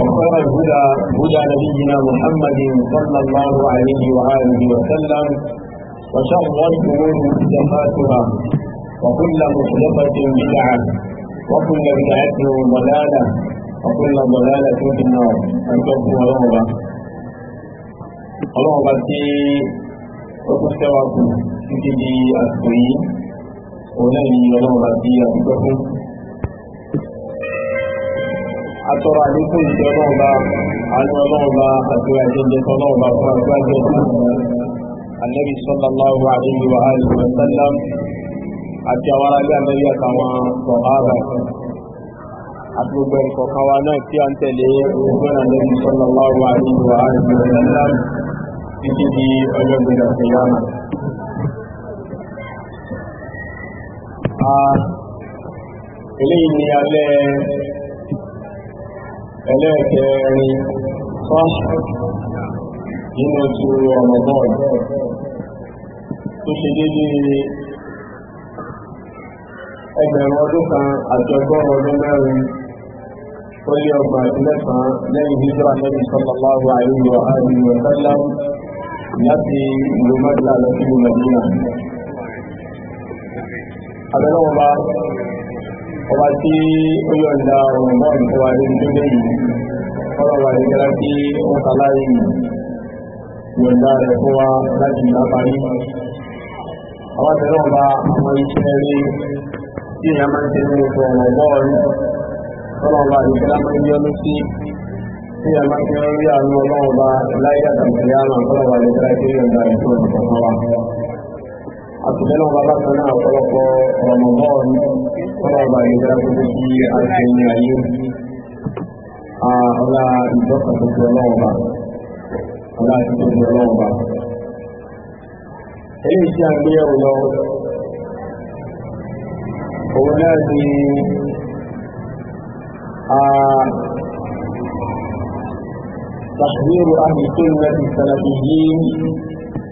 وخير الهدى هدى نبينا محمد صلى الله عليه وآله وسلم وشر الأمور محدثاتها وكل محدثة بدعة وكل بدعة ضلالة وكل ضلالة في النار أن تكون رغبة رغبة وتستوى في أسرين ونبي رغبة في أسرين atọrọ àlékún ìṣẹ́ ọlọ́ọ̀bá àánú ọlọ́ọ̀bá àti àjẹjẹ ọlọ́ọ̀bá fún àgbájọ Ànábì sallallahu alaihi wa alihi wa sallam àti àwọn arábí Ànábì àtàwọn sọ̀hábà àti gbogbo ẹ̀kọ̀ọ̀kan wa náà tí a ń tẹ̀lé gbogbo Ànábì sallallahu alaihi wa alihi ni alẹ́ ẹlẹ́ẹ̀kẹrin fáṣọ nínú oṣù ọ̀rọ̀mọ̀bọ̀n tó ṣe déédéé ẹgbẹ̀rún ọdún kan àti ọgọ́rùn ọdún mẹ́rin ó lé ọgbà àti mẹ́sàn-án lẹ́yìn hijira lẹ́bí sallallahu alaihi wa alihi wa láti ìlú mẹ́ta lọ sí ìlú mẹ́dínà ọba tí ó yọ̀nda ọ̀rọ̀ náà ní ọba ní tó lè yìí ọba wà ní gẹ́gẹ́ tí ó tàláyé yọ̀nda rẹ̀ fún wa láti ìlà parí àwọn tẹ̀lé ọba àwọn iṣẹ́ rí tí èèyàn máa ń tẹ̀ ní ọ̀pọ̀ ọ̀rọ̀ bọ́ọ̀lù ọba wà ní gẹ́gẹ́ máa ń tí a máa ń fi rí àánú ọlọ́ọ̀ba láyé àtàkùnrin àmà ọba wà ní tí yọ̀nda rẹ̀ fún ọ̀pọ̀ ọ̀rọ̀ àtúntẹ́lọ́ bàbá kan náà ọ̀pọ̀lọpọ̀ ọ̀rọ̀mọ̀bọ́ọ̀n fún ọba ìjọba tó ti fi àjẹyìn ayé ọ̀la ìjọba tó fi ọlọ́ọ̀ba ọ̀la tó fi ọlọ́ọ̀ba. eléyìí tí a gbé yẹ̀wò lọ òun náà ni تحذير أهل السنة السلفيين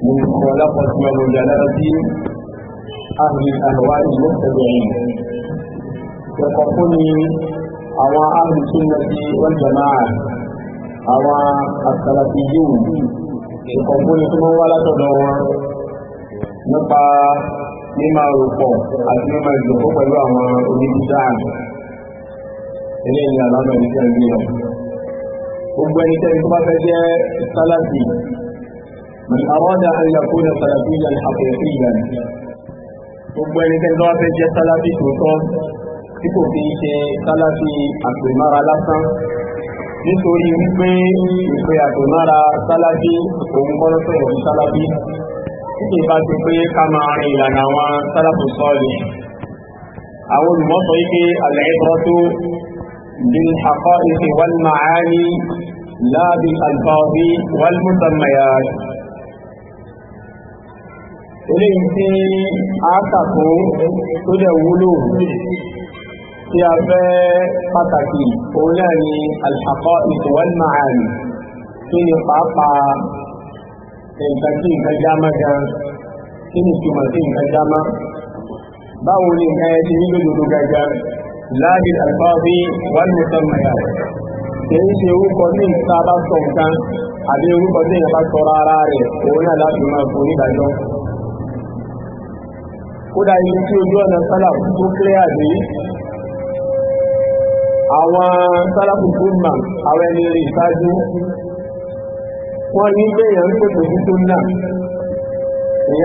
من خلقت مولدات أهل الأهواء المتبعين وقفني على أهل السنة والجماعة على السلفيين وقفني ثم ولا تدور nípa mímọ̀ òrùpọ̀ àti mímọ̀ ìjòkó pẹ̀lú àwọn onídídá ilé ìlànà ìjẹ́ ìgbìyàn gbogbo ẹni tẹ́ni tó bá fẹ́ jẹ́ sálàtì من أراد أن يكون سلفيا حقيقيا gbogbo ẹnikẹ́ni tó wá fẹ́ jẹ́ sálábì tòótọ́ tí kò fi ṣe sálábì àpèmára lásán nítorí wípé ìpè àpèmára sálábì òun kọ́ lọ́sọ̀rọ̀ sálábì tí bá ti pé ká máa rin ìlànà àwọn sálábì sọ́ọ̀lì àwọn olùmọ́sọ wípé àlẹ́ ìtọ́jú بالحقائق والمعاني لا بالألفاظ والمسميات eléyìí tí a kàkó tó dẹ̀ wúlò tí a fẹ́ pàtàkì òun náà ni alhàkọ́ ìtòwọ́n máa rí kí ni pàápàá nǹkan tí nǹkan jámá gan kí ni túmọ̀ sí nǹkan jámá báwo ni nǹkan ẹtì nílò lòdò gangan láàrin alfáàbí wọ́n mú sọ́mọ̀ yà kìí ṣe orúkọ ní ìta bá sọ nǹkan àbí orúkọ ní ìyàbá sọ rárá rẹ̀ òun náà láti máa fún nígbàjọ́ ó dá tí ojú ọ̀nà sálàpù tó kílẹ̀ àdé àwọn sálàpù tó mà àwọn ẹni rí ìsájú wọ́n ní pé èèyàn ń pèpè ní tó náà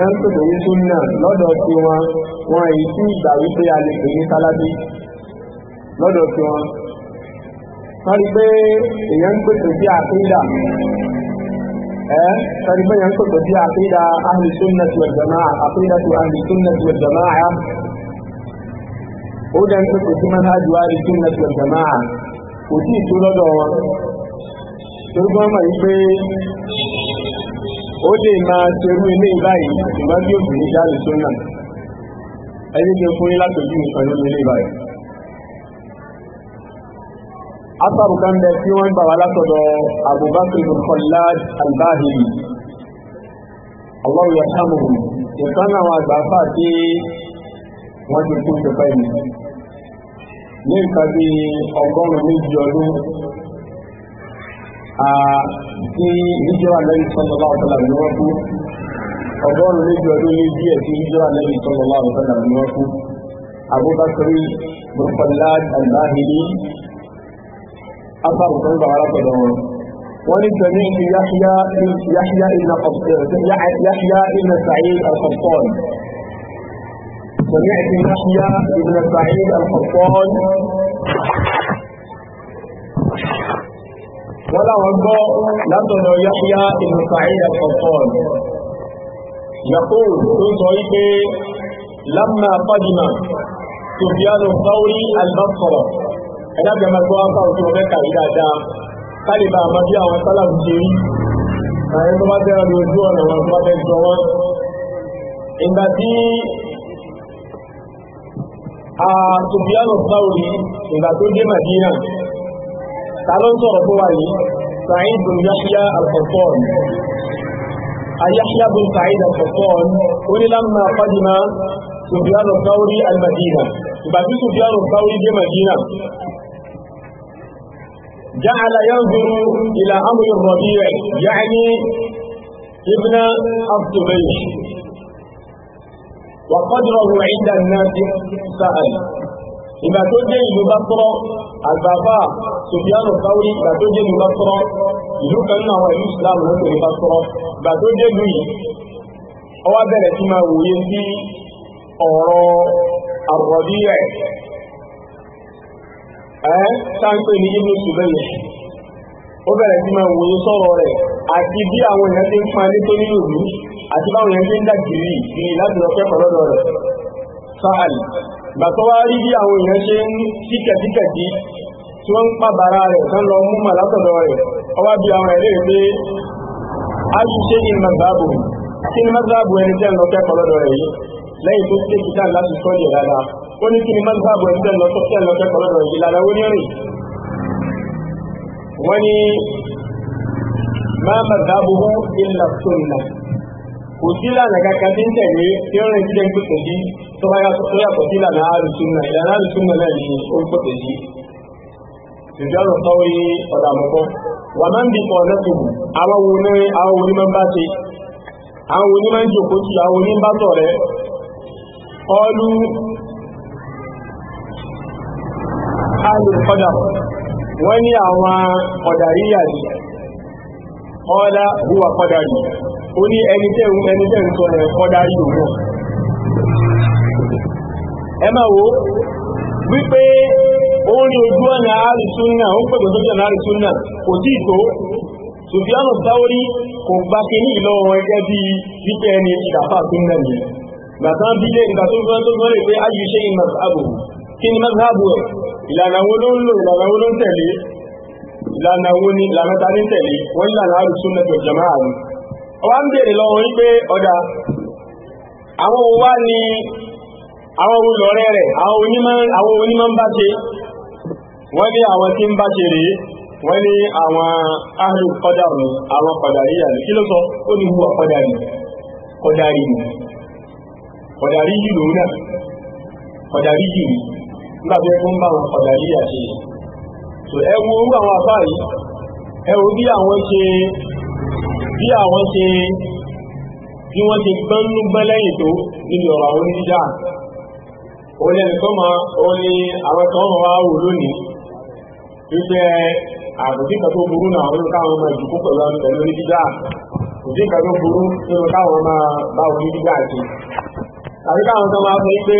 ń pèpè ní tó náà lọ́dọ̀ tí wọn wọn èyí tí ìgbà wípé a lè pè ní sálábí lọ́dọ̀ tí wọn wọ́n rí pé èèyàn ń pèpè sí eh tarifan yan kuka ji aqida ahli sunnati wal jamaa aqida ahli sunnati wal jamaa ó dẹ̀ ń pẹ́ kò sí manhaj ahli sunnati jamaa kò tí ì tó lọ́dọ̀ wọn o wọ́n mọ̀ wípé ó lè máa ṣerú ilé ìbáyìí ìbájú òbí ní ahli sunnah ẹni jẹ́ fún yín látọ̀jú asaru kan bẹ tí wọ́n gbà wá látọ̀dọ̀ abubakar ibn khalad al-bahili allah yarhamuhu ìkan àwọn àgbàfà tí wọ́n ti kú ti pẹ́ ní ní nǹkan bí ọgọ́rùn-ún méjì ọdún tí ìjọba lẹ́yìn sọ́lọ́lá ọ̀tọ́lá ni wọ́n kú ọgọ́rùn-ún méjì ọdún ní díẹ̀ tí ìjọba lẹ́yìn sọ́lọ́lá ọ̀tọ́lá ni wọ́n kú abubakar ibn khalad al-bahili asaru tó ń bá ara pẹ̀lú wọn يحيى ní sẹ́mi يحيى yáhíyá سعيد yáhíyá سمعت يحيى بن سعيد القطان ولا وضع لدن يحيى بن سعيد القطان يقول في كنت لما قدم سفيان الثوري البصره ẹ̀dàgbẹ̀ máa gbọ́ apá òkè ọ̀fẹ́ kàrí dáadáa káàlì bá àmọ́ bí àwọn sálàmù ṣe rí àwọn tó bá tẹ́ra lè ojú ọ̀nà wọn tó bá tẹ́ jọ wọn ìgbà tí a tòbíyànà sáwòrí ìgbà tó dé Madina tàbí ń sọ̀rọ̀ fún wa yìí Sa'id bin Yahya al-Qattan Yahya bin Sa'id al-Qattan ó ní lámà fadima tòbíyànà sáwòrí al-Madina ìgbà tí tòbíyànà sáwòrí dé Madina جعل ينظر إلى أمر الربيع يعني ابن الزبير وقدره عند الناس سأل ìgbà tó jẹ́ ìlú Basra àgbàfà Sufyan Thawri ìgbà tó jẹ́ ìlú Basra ìlú kan náà wà ìlú Islam ló pè ní Basra ìgbà tó jẹ́ ìlú yìí ọwá bẹ̀rẹ̀ sí máa wòye sí ọ̀rọ̀ àrọ̀bí ẹ̀ ẹ́ táńpé ní ibn sùbẹ́yẹ ó bẹ̀rẹ̀ sí máa wòye sọ̀rọ̀ rẹ̀ àti bí àwọn èèyàn ti ń pa ní torí òní àti báwọn èèyàn ti ń dàgìrì ní láti lọ kẹ́kọ̀ọ́ lọ́dọ̀ rẹ̀ sáàlì gbà tó wá rí bí àwọn èèyàn ṣe ń tíkẹ̀tíkẹ̀tí tí wọ́n ń pàbàrà rẹ̀ lọ mú mà látọ̀dọ̀ rẹ̀ bí àwọn ẹ̀rẹ́ pé a ṣe ṣe ní kí ni ẹni tẹ́ lọ kẹ́kọ̀ọ́ ó ní kí ni mazhabu ẹ̀sẹ̀ lọ tó tẹ́ lọ kẹ́kọ̀ọ́ lọ́dọ̀ ìlànà ó ní rìn wọ́n ní máa mazhabuhu illa sunnah kò sí lànà kankan tí ń tẹ̀lé tí ó rìn sí ẹgbẹ́ tẹ̀lé tó bá yàtọ̀ sí lànà àrùsùnà ìlànà àrùsùnà náà ní ó ń pọ̀ tẹ̀lé ìjọ́nà sọ́wọ́ yí ọ̀dà àmọ́kọ́ wà máa ń bí kọ̀ lẹ́tùbù àwọn onírin alul qadar wọ́n ní àwọn ọ̀dàríyà ni ọ́lá huwa qadari ó ní ẹni tẹ́rù ẹni tẹ́rù tó rẹ̀ qadari òun ẹ máa wo wípé ó ní ojú ọ̀nà àrísúnnà ó pẹ̀lú ojú ọ̀nà àrísúnnà kò tí tó Sufyanu Thawri kò gbá kìíní ìlọ́wọ́ ẹgẹ́ bí wípé ẹni gbàtán bílé tó gbọ́n lè pé ìmọ̀ àbòrò kí ni mẹ́sàbù ẹ̀ ìlànà wo ló ń lò ìlànà wo ló ń tẹ̀lé ìlànà wo ni ìlànà ta ní tẹ̀lé wọ́n ìlànà nẹ́tọ̀ ni ọwá ń bèèrè lọ́wọ́ àwọn wá ní àwọn olùlọ́rẹ́ rẹ̀ àwọn onímọ̀ ń bá ṣe wọ́n ní àwọn tí ń bá ṣe rèé wọ́n ní àwọn ahlu kọ́dàrù àwọn kọ̀dàríyà kí ló sọ ó ní gbàgbé ẹkún bá wọn padà rí àti so ẹwọ orú àwọn àbá yìí bí àwọn ṣe bí àwọn ṣe bí wọ́n ṣe gbọ́nú gbẹ́lẹ́yìn tó nínú ọ̀rọ̀ àwọn onídíjà òun ẹni tó máa ó ní àwọn kan wọ́n wá wò lónìí wípé àbòsí kan tó burú náà nínú káwọn pẹ̀lú tó burú nínú káwọn bá máa sọ pé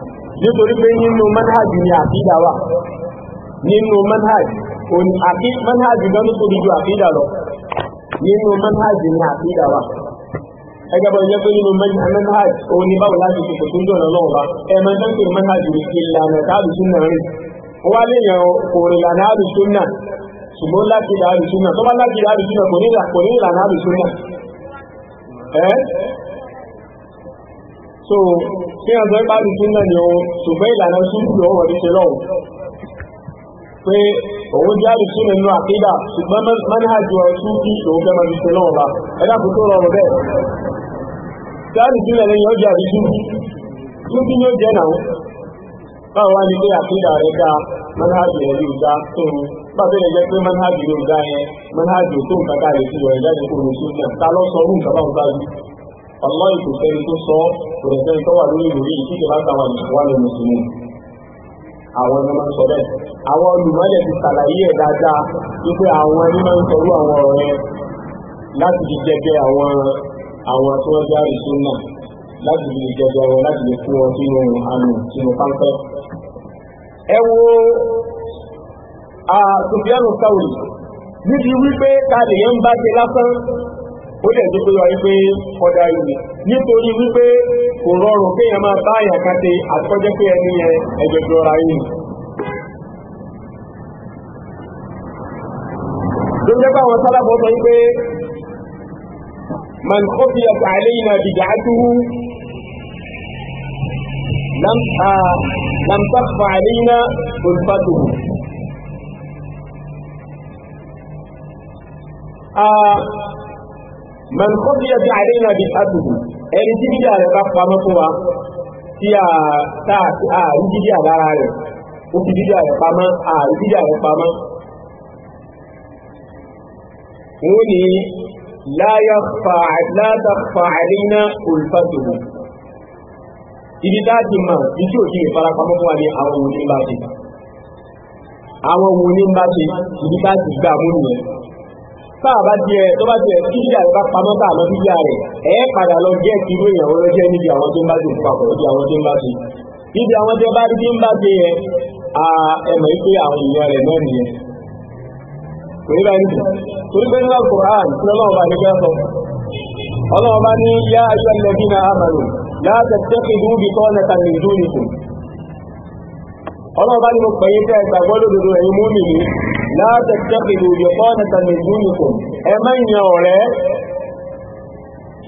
nítorí pé nínú manhaj ni àkídà wà nínú manhaj manhaj gan ló tóbi ju àkídà lọ nínú manhaj ni àkídà wà ẹgbẹ́ bọ́ jẹ́ pé nínú manhaj òun ni báwo láti ṣe kòtò jọ̀nà náà wá ẹ̀mọ́ tó ń pè manhaj ni ìlànà táàbù súnà rìn wọ́n lè yàn kò rìn lànà àbù súnà ṣùgbọ́n láti ìlànà àbù súnà tó bá láti ìlànà àbù súnà kò ní ìlànà àbù súnà so kí ọjọ́ ipá ti tún náà ni ohun ṣùgbọ́n ìlànà súnkù lọ́wọ́ ní ṣe lọ́wọ́ pé òun jẹ́ àdìsí nínú àkídà ṣùgbọ́n mẹ́nàjò ọ̀sùn kí òun fẹ́ máa fi ṣe lọ́wọ́ bá ẹ̀dá kò tó rọrùn bẹ́ẹ̀ tí àdìsí nínú yóò jẹ́ àdìsí lókí yóò jẹ́ náà báwo wá ní pé àkídà rẹ̀ dá mẹ́nàjò rẹ̀ yóò dá tó ń bá bẹ́ẹ̀ jẹ́ pé mẹ́nàjò yóò dá yẹn mẹ́nàjò tó ń kàkà rẹ̀ sí ọ̀rẹ́ jáde tó sọ òṣèlú tó wà lórí ìlú yìí kíkẹ́ bá táwọn ìwà lè mùsùlùmí àwọn ẹni máa ń sọ bẹ́ẹ̀ àwọn olùmọ̀lẹ̀ ti ṣàlàyé ẹ̀ dáadáa wípé àwọn ẹni máa ń sọrú àwọn ọ̀rọ̀ yẹn láti fi jẹjẹ àwọn àwọn tí wọ́n jẹ́ àìsùn náà láti fi jẹjẹ wọn láti lè fún wọn sínú àmì sínú páńpẹ́. ẹ wo Sùfíánù Sáwùlì níbi wípé ta lèyàn bá ṣe lásán ó dẹ̀ tó pé wáyé pé ọ̀dà ìlú nítorí wípé kò rọrùn pé yẹn máa bá àyà káte àtọ́jẹ́ pé ẹni yẹn ẹ̀jẹ̀ tó ra yìí tó jẹ́ báwọn sálábọ̀ sọ wípé man kófí ẹ̀ka àléyìn náà dìjà átúrú lamtafa àléyìn náà olùfàtò man kọ́bíyà tí àrí náà di àtùkù ẹni tí dídá rẹ̀ bá pamọ́ fún wa tí a táà tí a rí dídá lára rẹ̀ ó fi dídá rẹ̀ pamọ́ a rí dídá rẹ̀ pamọ́. wọ́n ní láyà fa àrí náà olùfàtùkù ibi dáàdì mọ̀ bí tí òjì ìfarapamọ́ fún wa ní àwọn òun ní bá ṣe àwọn òun ní bá ṣe ibi dáàdì gbà mú nìyẹn sáàbá tiẹ̀ tó bá tiẹ̀ kí ìyá rẹ̀ bá pamọ́ tá àlọ́ bíyà rẹ̀ ẹ̀ padà lọ jẹ́ ti irú ìyàwó ló jẹ́ níbi àwọn tó ń bá ti papọ̀ níbi àwọn tó ń bá ti níbi àwọn tó bá ti ń bá ti yẹ ẹ̀mọ̀ pé àwọn èèyàn rẹ̀ náà nìyẹn. kò ní báyìí torí pé nínú alukur'an tí ọlọ́run bá bí tẹ́ láti tẹ́kì lórí ọ̀pọ̀ ọ̀nà ìlú nìkan ẹ mẹ́yìn ọ̀rẹ́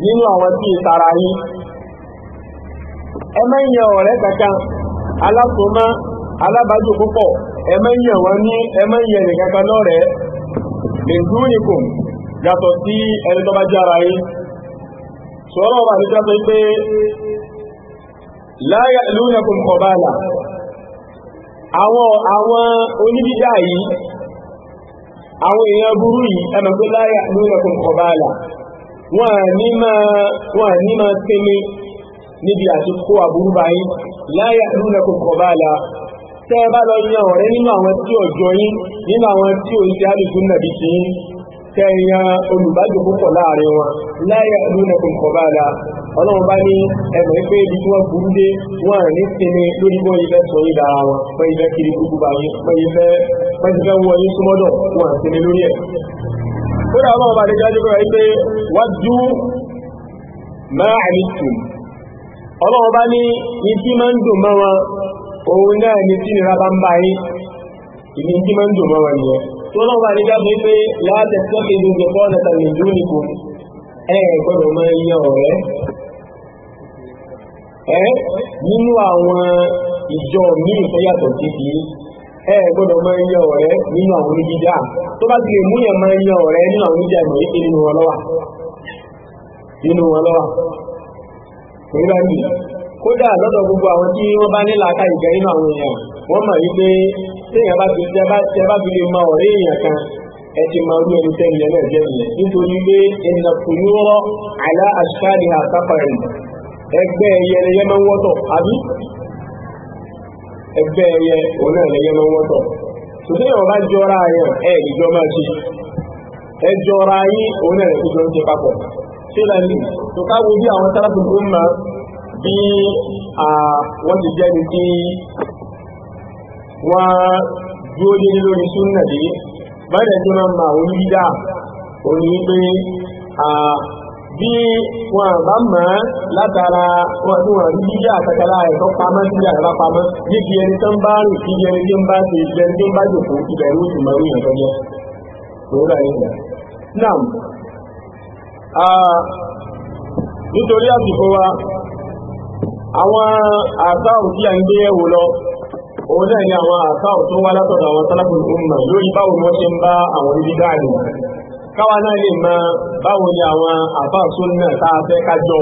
nínú àwọn tí ìtara yín ẹ mẹ́yìn ọ̀rẹ́ kankan alásùnmọ́ alábàájò púpọ̀ ẹ mẹ́yìn wọn ní ẹ mẹ́yìn ẹnì kankan lọ́rẹ̀ẹ́ lèdú nìkan yàtọ̀ sí ẹni tó bá jára yín sọ́rọ̀ ọba àti jáde pé láyà ìlú nìkan kọ̀bálà àwọn àwọn onídídá yìí àwọn èèyàn burú yìí ẹmọ̀ pé láyà lóòrẹ̀kùn kọ̀bálà wọ́n ní máa tẹ́mi níbi àti kó àbúrú báyí láyà lóòrẹ̀kùn kọ̀bálà tẹ́ bá lọ yan ọ̀rẹ́ nínú àwọn tí ó jọ yín nínú àwọn tí ó ṣe àdìsún nàbí tí yín tẹ́ yan olùbájò púpọ̀ láàrin wọn láyà lóòrẹ̀kùn kọ̀bálà ọlọ́run bá ní ẹgbẹ̀ pé ibi tí wọ́n burú dé wọ́n ní sinmi lórí bọ́ sọ ìdá wọn pẹ́ ibẹ̀ kiri gbogbo bá pẹ́ ibẹ̀ pẹ́sibẹ́ wọ yín súnmọ́dọ̀ wọ́n sinmi lórí ẹ̀ kódà ọlọ́run bá lè jáde pé wípé wájú máa àmìtù ọlọ́run bá ní máa ń dùn mọ́ wọn òun náà ní bá ń bá tí máa ń dùn mọ́ wọn pé ẹ́ nínú àwọn ìjọ míì tó yàtọ̀ sí ti ẹ gbọ́dọ̀ máa ń ọ̀rẹ́ nínú àwọn oníjíjà tó bá ti lè mú yẹn máa ọ̀rẹ́ nínú àwọn oníjíjà ìmọ̀ yìí nínú wọn nínú gbogbo àwọn tí wọ́n bá àwọn èèyàn wọ́n mọ̀ wípé téèyàn ẹni tẹ́lẹ̀ ẹgbẹ́ ẹyẹ ni yẹ́ máa ń wọ́tọ̀ àbí ẹgbẹ́ ẹyẹ òun náà ni yẹ́ máa wọ́tọ̀ tòtí yàn bá jọra yàn ẹ ìjọ máa ṣe ẹ jọra yín òun náà ń ṣe papọ̀ ṣé tó ká wo bí àwọn tó ń bí wọ́n ti jẹ́ wọ́n dúró dé lórí súnnà dé báyìí tó máa ma òun yí òun yí pé bí wọn bá mọ̀ ẹ́ látara wọn tí wọn rí yíyá àtàkàlà ẹ̀kọ́ pamọ́ sí àgbà pamọ́ níbi ẹni tó ń bá rìn sí ẹni tó ń bá ṣe ìṣẹ́ ẹni tó ń bá jòkó ìbẹ̀rù oṣù mẹ́rin yẹn tọ́jọ́ òwúrọ̀ yẹn yẹn. náà nítorí àsìkò wa àwọn àṣàrò tí a ń gbé ẹ̀wò lọ òun náà ni àwọn àṣàrò tó wá látọ̀dọ̀ àwọn sálábùn káwa náà lè mọ báwo ni àwọn àbáṣún náà tá a fẹ́ ká jọ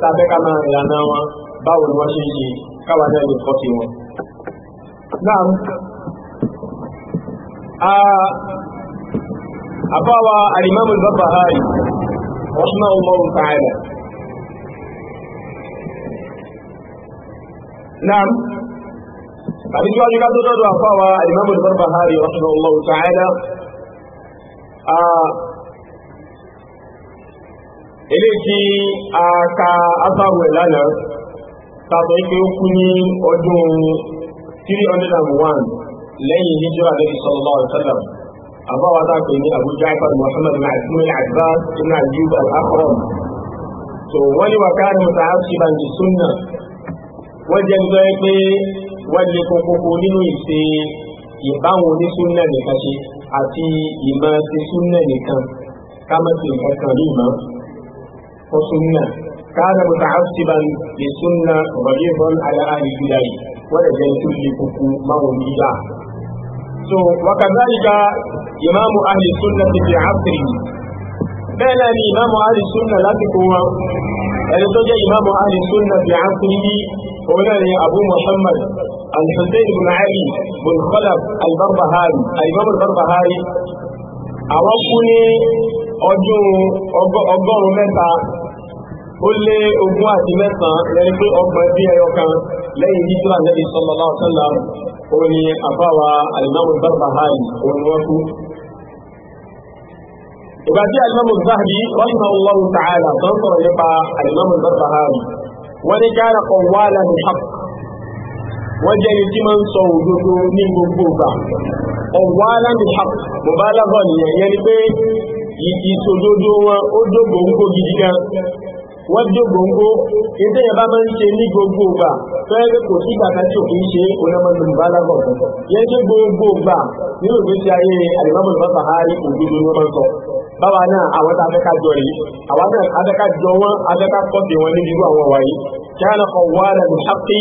tá a fẹ́ ká máa ìlànà wọn báwo ni wọ́n ṣe ń ṣe káwa náà lè kọ́ sí wọn. náà àbáwa àlìmámù Barbahari Usman Umar ta'ala Naam. Àbíjúwájú ká tó dọ́dọ̀ àfáwà àlìmámù Barbahari Usman Umar ta'ala ilé tí a ka afáwọ̀ ẹ̀ lánàá tàbí pé ó kú ní ọdún 301 lẹ́yìn hijira lẹ́bí sallallahu alaihi wasallam àbáwá tá pè ní Abu Ja'far Muhammad ibn Abbas ibn Ayyub al-Akram so wọ́n ní wà káàrin mọ̀ta áṣìbàn ti súnnà wọ́n jẹ́ nígbà pé wọ́n lè kókókó nínú ìṣe ìbáwọn onísúnnà nìkan ṣe àti ìmọ̀ ti súnnà nìkan ká má ti nǹkan kan ní ìmọ̀ fún súnnà káàdà mọ̀ta áṣìbàn lè súnnà rọ̀lẹ́bọ̀n aláàrí ìgbìyàrí wọ́n lè jẹ́ tó lè kúkú máwọn bíbá so wakazalika imamu ahli أولاني أبو محمد الحسين بن علي بن خلف البربهاري الإمام البربهاري أوقني ọdún ọgọ́rùn-ún mẹ́ta ó lé ogún àti mẹ́ta lẹ́yìn pé ọgbọ̀n bí ẹyọ kan lẹ́yìn hijira Nabi sallallahu alaihi wasallam òun ni àbáwa alimamu Barbahari òun wọ́n kú ìgbà tí alimamu Zahabi rahimahullahu ta'ala tó ń sọ̀rọ̀ nípa alimamu Barbahari wọ́n ní káàrà kan wà láti hap wọ́n jẹ́ ní tí máa ń sọ òdodo ní gbogbo ìgbà ọ̀wà láti hap bó bá lábọ̀ nìyẹn yẹn ni pé ìṣòdodo wọn ó dógbò ń kó gidi gan wọ́n dógbò ń kó yẹn bá máa ń ṣe ní gbogbo ìgbà fẹ́ẹ́rẹ́ kò sí ìgbà tí òkè ń ṣe onámọ́nù bá lábọ̀ yẹn ṣe gbogbo ìgbà nínú ìgbésí ayé àdìmọ́mọ́nù bá fà á rí òdodo ní wọ́n sọ báwa náà àwọn tá a fẹ́ ká jọ rèé àwọn náà a fẹ́ ká jọ wọn a fẹ́ ká kọ́sì wọn níbi irú àwọn wáyé kana qawwala al-haqqi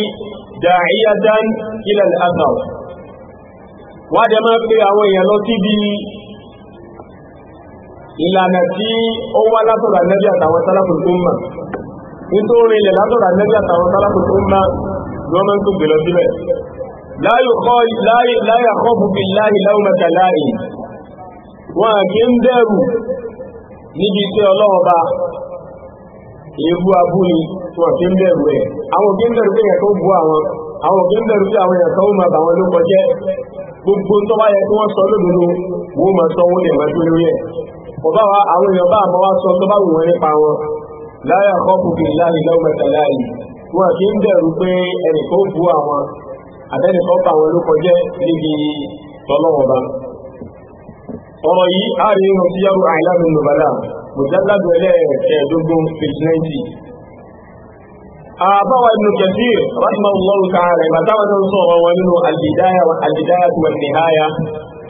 da'iyatan ila al-athar wọ́n á jẹ́ máa pe àwọn èèyàn lọ síbi ìlànà tí ó wá látọ̀dọ̀ Ànábì àtàwọn salaful umma nítorí ilẹ̀ látọ̀dọ̀ Ànábì àtàwọn salaful umma lọ́mọ tó gbèlọ síbẹ̀ la yakhafu billahi lawmata la'in wọn kì ń bẹ̀rù níbi tí ọlọ́wọ́ bá ewu abúni wọn kì ń bẹ̀rù ẹ̀ àwọn kì ń bẹ̀rù pé ẹ̀kọ́ bu àwọn àwọn kì ń bẹ̀rù pé àwọn ẹ̀kọ́ ó máa bà wọn ló gbogbo tó bá yẹ kí wọ́n sọ lódodo wọ́n máa sọ wọ́n lè máa tó lórí ọba wa àwọn èèyàn bá àmọ́ wá sọ tó bá wù wọ́n nípa wọn láyà kọ́pù kì í láyé lọ́mọta láyé wọn kì ń bẹ̀rù pé ẹnìkan ó bu àwọn àbẹ́nìkan bà wọn ló níbi tọ́lọ́wọ́ bá ọ̀rọ̀ yìí a rí inú sí yàrá àìlànà nùbàlá mùjálàdù ẹlẹ́ẹ̀kẹ́ẹ̀dógún page 90 àbáwà ibn kathir rahimahullahu ta'ala ìbátáwà tó ń sọ ọ̀rọ̀ wọn nínú al-bidayatu wan nihaya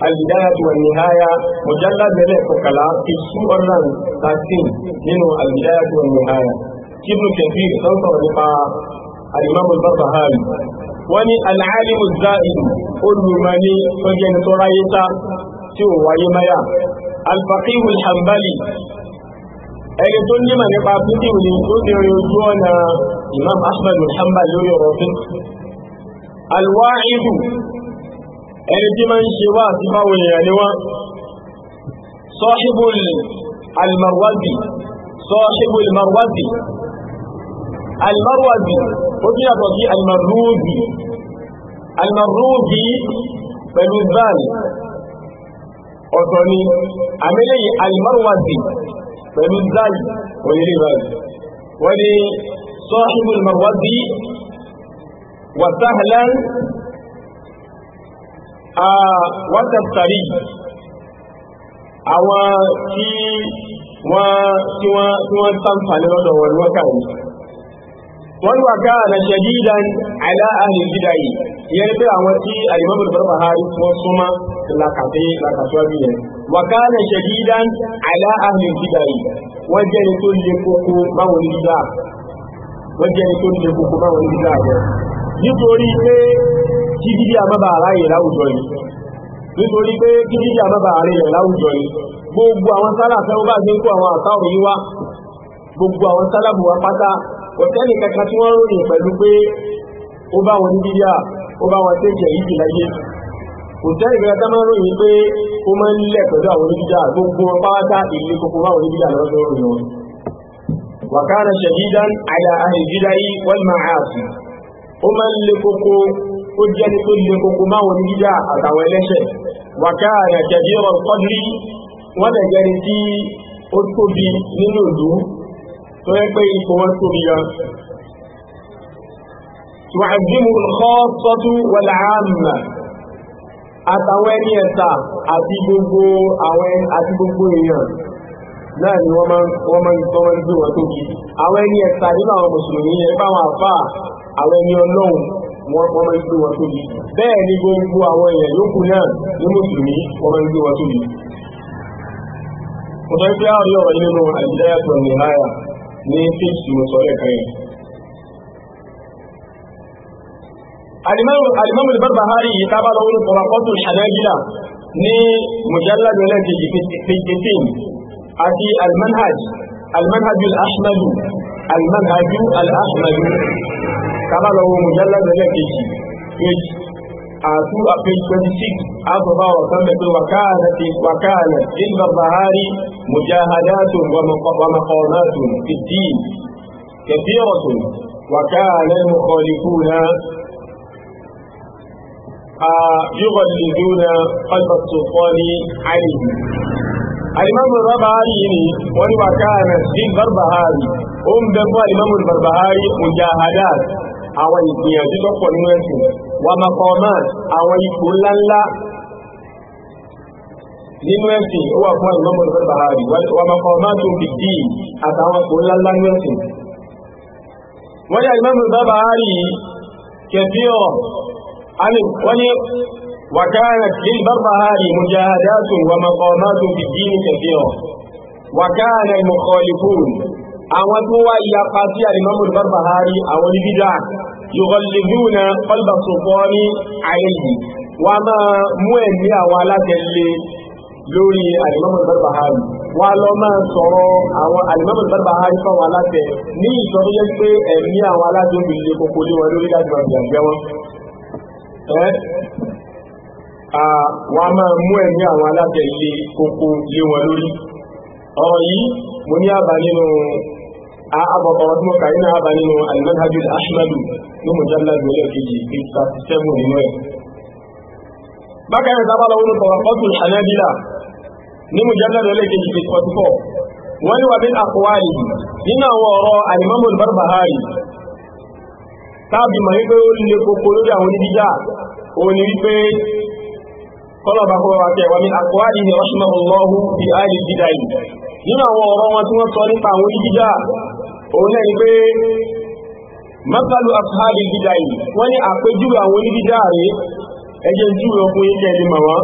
al-bidayatu wan nihaya mùjálàdù ẹlẹ́ẹ̀kọ̀kàlá page 213 nínú al-bidayatu wan nihaya ibn kathir tó ń tí ó wáyé máyà alfaqihu alhambali ẹni tó nímà nípa fíkìrù ni tó ti rí ojú ọ̀nà imam ahmad alhambali lórí ọ̀rọ̀ fún alwa'idu ẹni tí máa ń ṣe wá sí báwọn èèyàn ni wọ́n sọ́ṣíbùl almarwazi sọ́ṣíbùl marwazi almarwazi ó bí yàtọ̀ sí almarruzi almarruzi pẹ̀lú báyìí ọ̀tọ̀ ni àmìlẹ́yìn alìmọ́rùwàsì pẹ̀lú zai onílé ìbáyìí wọ́n ni sọ́ọ̀ṣùgbùn marwàsì wàtàhàlán a wátàtàrí àwọn tí wọ́n tàǹfà lọ́dọ̀ wọn wákàrí wọ́n wà ká na ṣadídan ala ahli bidai yẹn pé àwọn tí alimami al-Barbahari wọ́n súnmọ́ lakàtí lakàtúwájú yẹn wà ká na ṣadídan ala ahli bidai wọ́n jẹ́ ni tó lè kókó báwọn bídà wọ́n jẹ́ ni tó lè kókó báwọn bídà yẹn nítorí pé kí dídí àmàbà aráyè láwùjọ yìí nítorí pé kí dídí àmàbà aráyè láwùjọ yìí gbogbo àwọn sálà fẹ́ wọ́n bá gbé kó àwọn àtàwọn yìí wá gbogbo àwọn sálà bù pátá ọ̀tẹ́lì kankan tí wọ́n ròyìn pẹ̀lú pé ó bá wọn bídíà ó bá wọn tí ń jẹ ìdí láyé ọ̀tẹ́lì kankan tá máa ròyìn pé ó máa ń lẹ̀ pẹ̀lú àwọn oníbídíà gbogbo pátá ilé kòkó bá wọn oníbídíà lọ́dọ̀ ròyìn wọn wàkánà ṣẹ̀dídán àyà àhìjídáyí wọ́n máa tó yẹ pé ipò wọn tóbi gan tùwàjímù lọ́sọ́tú wàláàmà àtàwọn ẹni ẹ̀ta àti gbogbo àwọn gbogbo èèyàn náà ni wọ́n máa ń tọ́ wọ́n gbé wọn tó ni ní fíìsì mo sọ lẹ́ẹ̀kan yẹn. alimami barbahari yìí tá a bá lọ wọnú kọ̀wákọ́tù hanabila ní mujalladu lẹ́ẹ̀kejì fìtìtìn àti almanhaj almanhaj al-ahmadu almanhaj al-ahmadu tá a bá lọ wọnú mujalladu àtú àpèjì 26 àtọ̀bá ọ̀kan mẹ́fẹ́ wàkàlẹ̀ ìgbà bahari mujahadatun wa maqamatun fìdíì kẹfíọ̀tún wàkàlẹ̀ mọ̀kọ̀lìkúnà yíwọ̀lìdúnà ọlọ́tọ̀fọ́ni àìyí alimamun rabari ne wani wakana din barbahari o n bẹ fún alimamun barbahari mujahadat àwọn ìgbìyànjú lọ́pọ̀ nínú ẹ̀sìn wà maqamat àwọn ipò ńláńlá nínú ẹ̀sìn ó wà fún ìmọ̀mọ̀ al-Barbahari wà maqamatun fid-din àtàwọn ipò ńláńlá nínú ẹ̀sìn wọ́n yà ìmọ̀mọ̀ al-Barbahari kẹfíọ̀ wọ́n ní وكانت للبربهار مجاهدات ومقامات في الدين كثيرة وكان المخالفون àwọn tó wá ìyapa sí àdìmọ́mù Barbahari àwọn oníbídà yughalidhuna qalba sultani àìlì wà máa mú ẹ̀mí àwọn alátẹ̀lé lórí àdìmọ́mù Barbahari wà lọ máa sọ̀rọ̀ àwọn àdìmọ́mù Barbahari fáwọn alátẹ̀ ní ìsọ tó jẹ́ pé ẹ̀mí àwọn alátẹ̀ òbílẹ̀ ọ̀rọ̀ yìí mo ní àbá nínú a àbọ̀bọ̀ ọdún mọ́ka iná àbá nínú alimanhajjul ahmadu ní mujalla gbẹ̀lẹ̀ kejì pizza sẹ́mù nínú ẹ̀ bákan ìsábàlá wọn tọrọ ọdún hanabila ní mujalla gbẹ̀lẹ̀ kejì pizza 44 wọ́n alimamul barbahari ta ma wípé ó lè kókó lórí àwọn onídíjà òun sọ nípa òun náà pé masalu ashabi bídá yìí wọ́n ní àpéjúwe àwọn oníbídá rẹ̀ ẹjẹ́ júwe ọkùn ilẹ̀ ni màwá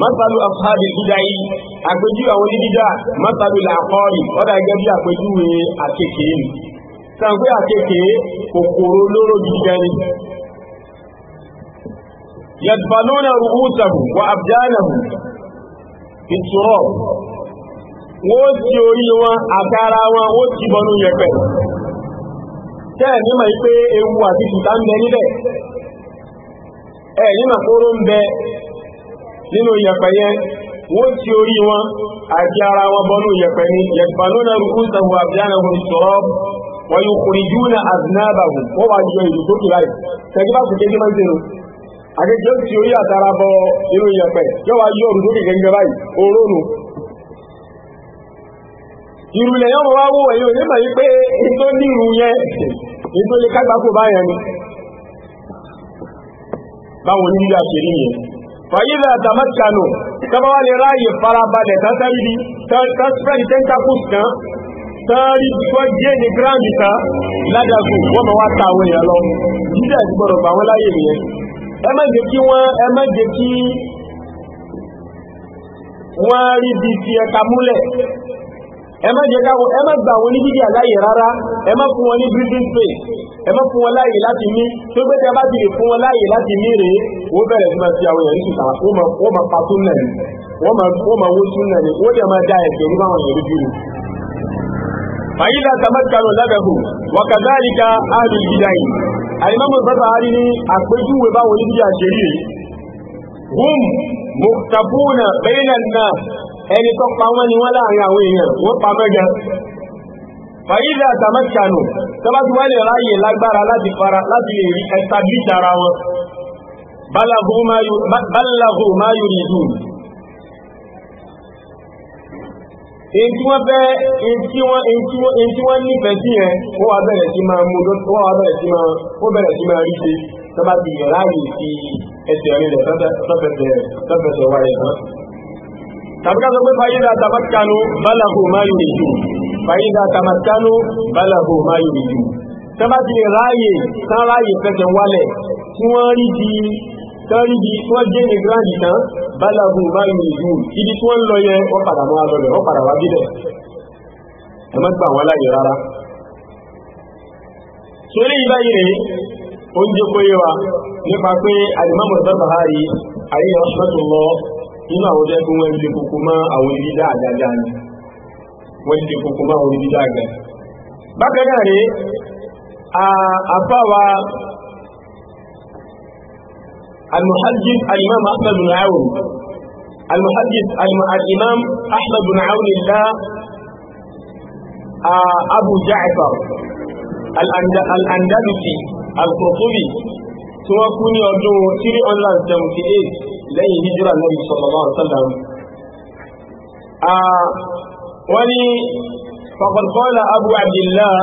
masalu ashabi bídá yìí àpéjúwe àwọn oníbídá masalu làkọ́rì ọ̀dà gẹ́gẹ́ bí àpéjúwe àkekèé ni sàǹpé àkekèé kòkòrò lóró bídá ni yadfaluna ru'usahu wa abdanahu fi turab wọ́n ti orí wọn àtàrà wọn ó ti bọnú yẹ̀pẹ̀ tẹ́ẹ̀ ewu àti ìta ń bẹ níbẹ̀ ẹ̀ níma ń bẹ nínú yẹn wọ́n ti orí wọn àti ara wọn bọnú yẹ̀pẹ̀ ni yẹ̀pẹ̀lónà rúkúntàwò àbíyànàwò sọ̀rọ̀ wọ́n yóò kùrì júnà àdínábàwò wọ́n wà jẹ́ ìlú tó àgẹ́gẹ́ tí orí àtàrà bọ inú ìrùlẹ̀ yọ́mọ̀ wá wó ẹ̀yọ́ onímọ̀ yí pé tó ní ìrù yẹn ètò lè kágbàkò báyẹn ni báwọn onílẹ̀ àṣírí yẹn fàyílẹ̀ àtàmọ́tìkanò tọ́bọ́wà lè ráyè farabalẹ̀ tátàríbi tọ́sífẹ́ni tentacles kan tọ́rí tó jẹ́ ní gíráǹdì kan ládàgù wọ́n mọ̀ wá tàwọn èèyàn lọ jíjà ti gbọ́dọ̀ bà wọ́n láyè nìyẹn ẹ má jẹ́ kí wọ́n ẹ má jẹ́ kí wọ́n rí bí ti ẹ̀ka múlẹ̀ ẹ má jẹ́ káwọn ẹ má gbà wọn ní dídí àláyè rárá ẹ má fún wọn ní breathing space ẹ má fún wọn láàyè láti mí tó gbé tẹ bá ti lè fún wọn láàyè láti mí rèé wọ́n bẹ̀rẹ̀ sí máa fi àwọn èèyàn sùtà wọ́n máa pa tún náà ni wọ́n máa wó tún náà wọ́n dẹ̀ máa dá ẹ̀jẹ̀ nípa àwọn èèyàn lójú ni. fàyídà tàbátkanù lábẹ́hù wàkàdáríkà àrùn ìdíjáì àìmọ́mọ́ bàbá àrí ní àpéjúwe báwọn onídìí àṣírí hum ẹni tó pa wọ́n ni wọ́n láàrin àwọn èèyàn wọ́n pa mẹ́gẹ fàyídà àtàmẹ́kànù tó bá ti wá lè ráyè lágbára láti fara láti lè rí ẹ̀tàbíjà ara wọn bálàgù máa yùrì ìlú èyí wọ́n fẹ́ èyí tí wọ́n nífẹ̀ẹ́ sí ẹ̀ wọ́n wá bẹ̀rẹ̀ sí máa mú wọ́n wá bẹ̀rẹ̀ sí máa wọ́n bẹ̀rẹ̀ sí máa rí ṣe tó bá ti yẹ̀ láàyè sí ẹsẹ̀ rẹ̀ lọ́fẹ̀ẹ́sẹ̀ wáyé náà tàbí ká sọ pé fàyídà tàbákanú bálàbò máa yìí nìjú fàyídà tàbákanú bálàbò máa yìí nìjú tẹ́bá ti ráyè tán ráyè fẹ́kẹ̀ wálẹ̀ tí wọ́n rí di tọ́rígi wọ́n jẹ́ ní gíráàdì tán bálàbò máa yìí nìjú ibi tí wọ́n lọ yẹ wọ́n padà mọ́ alọ́lẹ̀ wọ́n padà wá bílẹ̀ ẹ má gbà wọ́n láyè rárá torí ìbáyìí rèé oúnjẹ kóyé wa nínú àwọn jẹ́ pé wọ́n lè kòkó mọ́ àwọn ibi dáadáa ni wọ́n lè kòkó mọ́ àwọn ibi dáadáa bákan náà rí àfáwà المحدث الإمام أحمد بن عون المحدث الإمام أحمد بن عون الله أبو جعفر الأندلسي القرطبي tí wọ́n kú ní ọdún 378 النبي صلى الله عليه وسلم. آه ولي فقد قال أبو عبد الله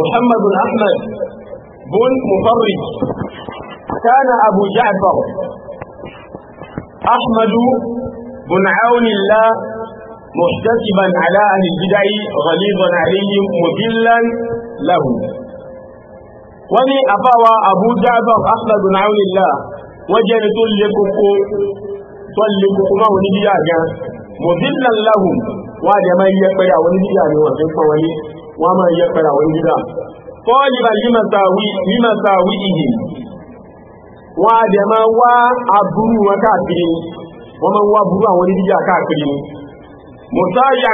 محمد بن أحمد بن مفرج كان أبو جعفر أحمد بن عون الله محتسبا على أهل البدع غليظا عليهم مذلا لهم وني أفاوى أبو جعفر أحمد بن عون الله wọ́n jẹ́ ẹni tó lè kókó tó lè kókó máa wọn níbi àga mọ̀bílá láhùn wọ́n àjẹ́ máa yẹ pẹ̀lú àwọn níbi àmì wọ́n fi ń pọ̀ wọlé wọ́n máa yẹ pẹ̀lú àwọn níbi fọ́ọ̀lìbà límàtàwí ìhì wọ́n àjẹ́ máa wá aburú wọn káàkiri wọ́n máa wá burú àwọn níbi káàkiri mọ̀sáyà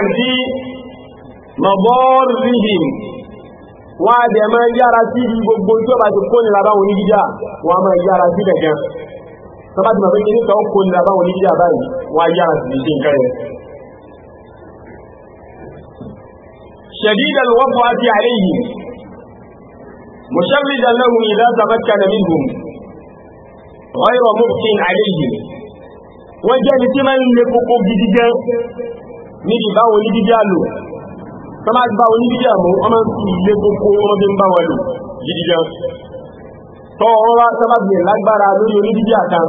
mọ̀bọ́ọ̀rù wọ́n á dẹ̀ máa yára sí ibi gbogbo tí ó bá ti kó nira báwọn oníjíjà wọ́n á máa yára sí kẹ̀kẹ́ tó bá ti mọ̀ pé kí nípa ó kó nira báwọn oníjíjà báyìí wọ́n á yára sí ibi yẹn. شديد الوفاة عليهم مشردا لهم إذا تمكن منهم غير محسن عليهم وجاء لتمن لفقه جديدا نجي باو نجي جالو tó bá gbá onídíjà mú ọmọ sí ilé kókó wọ́n bí ń bá wọn lò jíjíjá tọ́ ọ̀rọ̀ wá sábàgbẹ̀ lágbára lórí kan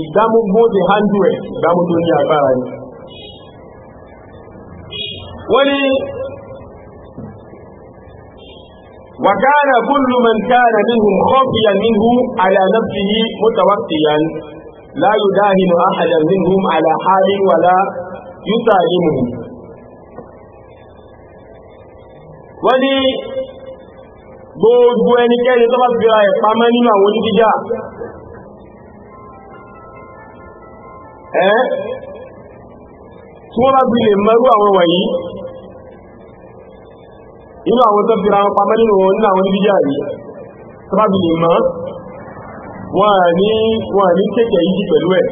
ìgbámúgbó ti hánjú ẹ̀ ìgbámú tó ní agbára ni wọ́n ni وكان كل من كان منهم خافيا منه على نفسه متوقيا لا يداهن أحدا منهم على حال ولا يسالمه wọ́n ní gbogbo ẹnikẹ́ni tó bá ti fi ra nínú àwọn oníbídíà ẹ́ tí wọ́n bá bí lè mẹ́rú àwọn wọ̀nyí inú àwọn tó fi ra nínú àwọn oníbídíà yìí tó bá lè wọ́n ní kéèkèé yìí pẹ̀lú ẹ̀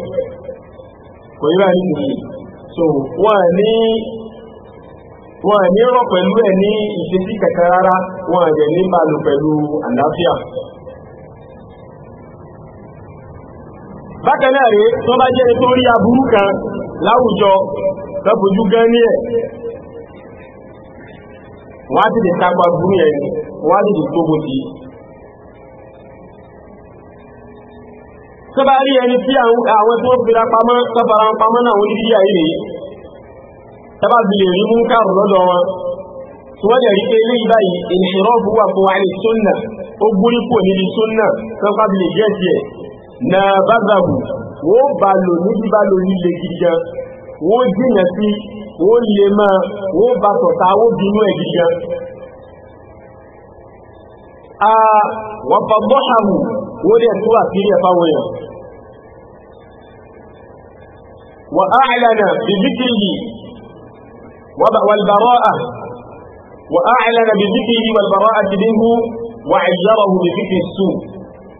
so wọ́n ní wọn ní rọ̀ pẹlú ẹ ní ìṣesí kẹ̀kẹ́ rárá wọn àjẹ̀ ní máa lò pẹ̀lú àlàáfíà bákan náà rèé tó bá rí aburú kan láwùjọ lọ́bùjú gan ní ẹ̀ wọ́n á dìde kápá aburú yẹn ni wọ́n á ti tó bá rí ẹni tí àwọn tó pamọ́ tẹ́bá bí lè rí mú kàrù lọ́dọ̀ wọn tí wọ́n lè rí pé ilé ìbáyìí ìṣòrọ́bù wà fún àìlè súnnà ó gúrí pò níbi súnnà tẹ́bá bí lè jẹ́ tiẹ̀ na bázàbù wọ́n bá lò níbi bá lò nílé gidigan wọ́n jìnà sí wọ́n lè máa wọ́n bá tọ̀ta wọ́n bínú ẹ̀ gidigan a wọ́n bá bọ́ṣàmù wọ́n lè tó àfírí ẹ̀fà wọ́n wọ́n á àìlànà ìdíkìrì والبراءة وأعلن بذكره والبراءة منه وعيره بذكر السوء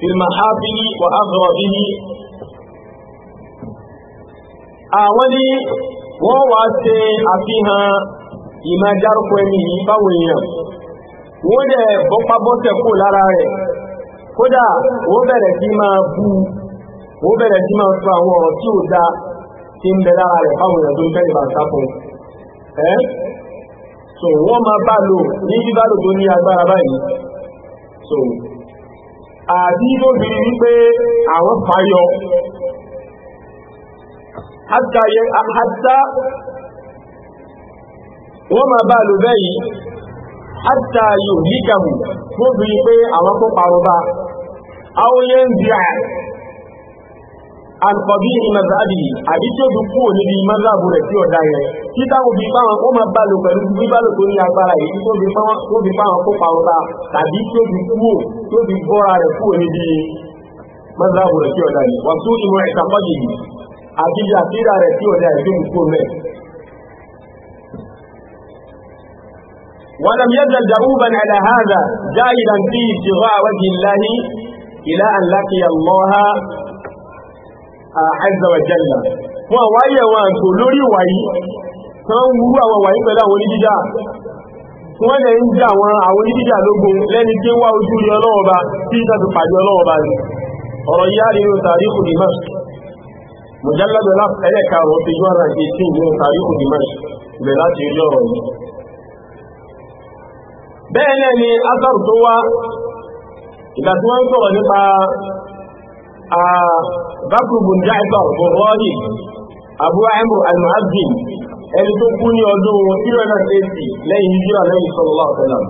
في المحافل وأغرى به أولي وواسي أفيها إما جارك ومه فويا wọ́dẹ̀ bọ́pàbọ́sẹ̀ kò lára rẹ̀ kódà wọ́n bẹ̀rẹ̀ sí máa bú wọ́n bẹ̀rẹ̀ sí máa sọ àwọn ọ̀rọ̀ tí ó dá tí ń bẹ lára rẹ̀ fáwọn èèyàn tó ń bẹ̀rẹ̀ bá sáfún ẹ́ eh? so wọ́n máa bá lò ní bíbálò tó ní agbára báyìí so àbí tó bí wípé àwọn fàyọ hátà wọ́n ma bá lò bẹ́yìí hátà yóò fún bí pé àwọn kó pàrọ̀ bá àwọn yẹn ń a. àǹkọ̀bí ní mazhabi àbí tí ó dùn kúrò níbi mazhabu rẹ̀ tí ó dá yẹn tí táwọn bí fáwọn ó máa bá lò pẹ̀lú bíbá lò tó ní agbára yìí tó bí fáwọn kó pa ọ̀tá tàbí tí ó dùn kúrò tó bí bọ́ra rẹ̀ kúrò níbi mazhabu rẹ̀ tí ó dá yẹn wà tó ìmọ̀ ẹ̀ka pọ́jì yìí àti àtìrà rẹ̀ tí ó dá yẹn tó dùn kúrò rẹ̀. ولم يزل دؤوبا على هذا جاهلا فيه ابتغاء وجه الله إلى أن لقي الله azza wa jalla wọn wá wọn àgbò lórí ìwà yìí wúrú àwọn wà pẹ̀lú àwọn oníjíjà wọ́n lè ń jà àwọn oníjíjà lógun lẹ́ni tí wá ojú rí ọlọ́ọ̀ba tí ìtàbí pàdé ọlọ́ọ̀ba rí ní ọ̀rọ̀ ní tàríkù Dimash bakru bin ja'far buhari abu amr al-muhazzin ẹni tó kú ní ọdún 380 lẹ́yìn hijira lẹ́yìn sallallahu alaihi wasallam